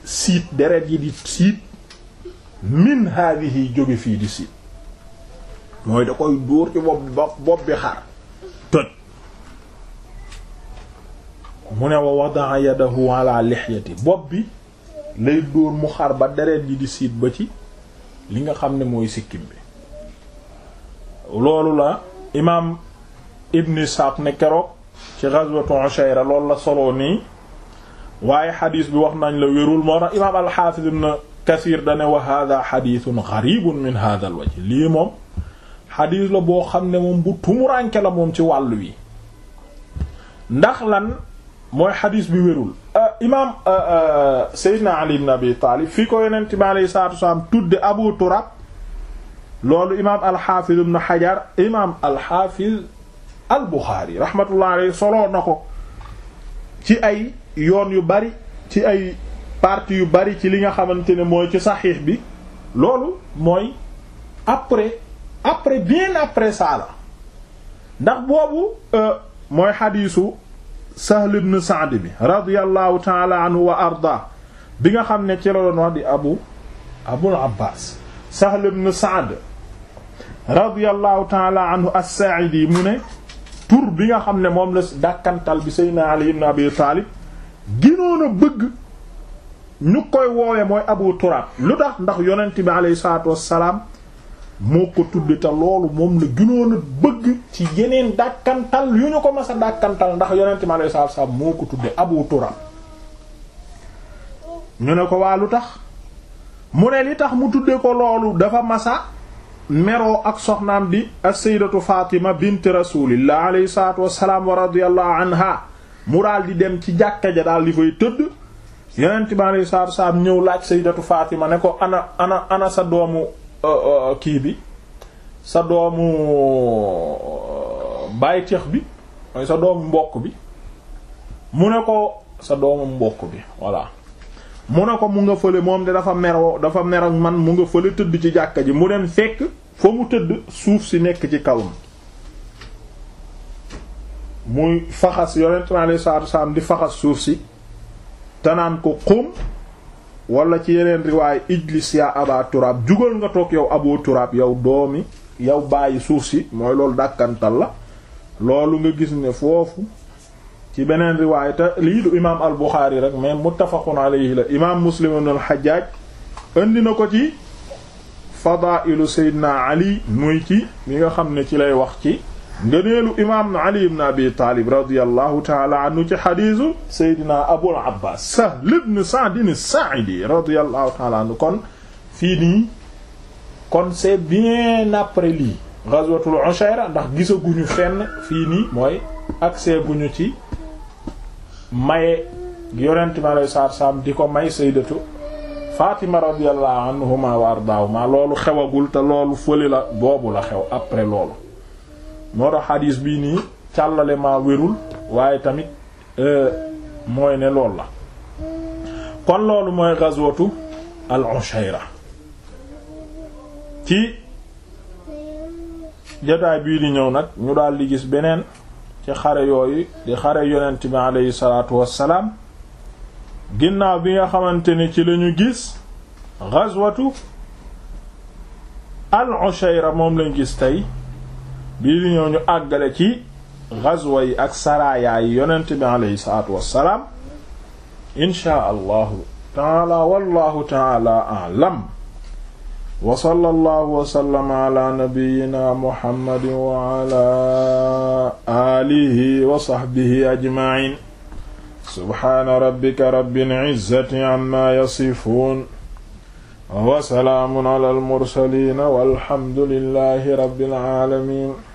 siit deret yi di siit min haadihi jóge fii di siit mooy da koy dóor ci bopp bopp bi xar toj mu ne wa wada'a yadahu ala lihyati bopp bi lay dóor mu xar ba deret yi di siit ba ci li nga xam ne mooy sikkim bi loolu la imaam Ibn Isxaaq ne keroog ci ghazwatu Ushayra loolu la solo nii waaye xadis bi wax nañ la wérul moo tax imaam al-Hafiz Kathir dane wa hada xadithun min hada al lii moom xadis la boo xam ne moom bu tumuranke la moom ci wàll wi ndax lan mooy xadis bi wérul euh, imaam euh, euh, Seydina Ali ibn Abi Taalib fii ko yonent bi alayhi salaatu wa salaam tudde Abu Turab loolu imaam alxaafiz ibn xajar imaam alxaafiz al buxaari rahmatullah alayhi na ko ci ay yoon yu bari ci ay parties yu bari ci li nga xamante ne mooy ci saxiix bi loolu mooy après après bien après ça ndax boobu euh, mooy xadiisu Sahl ibn Sa'd bi radiyallahu taala anhu wa arda bi nga xam ne ci la wax di abu abul abbas Sahl ibn Sa'd radiyallahu taala anhu as-Sa'idi mu ne tur bi nga xam ne moom la dàkkantal bi Seydina Ali ibn Abi Taalib ginoon bëgg ñu koy woowe mooy Abu Turaab lu tax ndax yonent bi alayhi salaatu wassalaam moo ko tudd te loolu moom la ginoon a bëgg ci yeneen dàkkantal yu ñu ko mas dàkkantal ndax yonent bi alayhi salaatu wassalaam moo ko tudde Abu Turaab ñu ne ko waa lu tax mu ne li tax mu tudde ko loolu dafa masa meroo ak soxnaam di as-sayyidatu Fatima bint rasulillah alayhi salaatu wassalaam wa radiyallahu anha mu daal di dem ci jàkka ja daal di fay tëdd yonent bi alayhi salaatu wassalaam ñëw laaj sayyidatu Fatima ne ko ana ana sa doomu uh, uh, kii bi sa doomu uh, bàyyi teex bi mooy sa doomu mbokk bi mu ne ko sa doomu mbokk bi voilà mu ne ko mu nga fële moom de dafa mer dafa mer man mu nga fële tëdd ci jàkka ji mu dem fekk fa mu tëdd suuf si nekk ci kaw kawam muy faxas yonent mi alayhi salaatu salaam di faxas suuf si tanaan ko xum wala ci yeneen riwaay ijlis yaa aba turaab jugal nga toog yow abu turaab yow doomi yow bàyyi suuf si mooy loolu dàkkantal la loolu nga gis ne foofu ci beneen riwaaya te lii du imaam al Buxaari rek mais muttafaqun alayhi la imaam Muslim ibn al Hajjaaj indi na ko ci fadaa'ilu Seydina Ali muy ci li nga xam ne ci lay wax ci ngëneelu imaam Ali ibn Abi Taalib radiyallahu ta'ala anhu ci xadiisu Seydina Abul Abbaas Sahl ibn Sa'd as-Saa'idi radiyallahu ta'ala anhu fii nii kon c'est bien après lii ghazwatul Ushayra ndax gisaguñu fenn fii nii mooy accès guñu ci maye yonent mi aleyhi salaatu di ko may sayyidatu Fatima radiyallahu anhuma wa ardaahuma loolu xewagul te loolu fële la boobu la xew après loolu moo xadiis bii nii càllale maa wérul waaye tamit euh, mooy ne loolu la kon loolu mooy gazwatu al-Ushayra ci jotaay bii di ñëw nag ñu daal gis beneen ci xare yooyu di xare yonent bi aleyhi salaatu wassalaam ginnaaw bi nga xamante ni ci lañu gis ghazwatu al-Ushayra moom lañ gis tey bi di ñu àggale ci ghazwa yi ak saraayaa yi yonent bi aleyhi salaatu wassalaam inshaa allahu taala wallahu taala alam wa sallallahu wa sallama ala nabiyyina muhammadin wa ala alihi wa sahbihi ajma'in subhaana rabbika rabbil izzati amma yasifuun wa salaamun ala al mursaliin walhamdulillahi rabbil aalamiin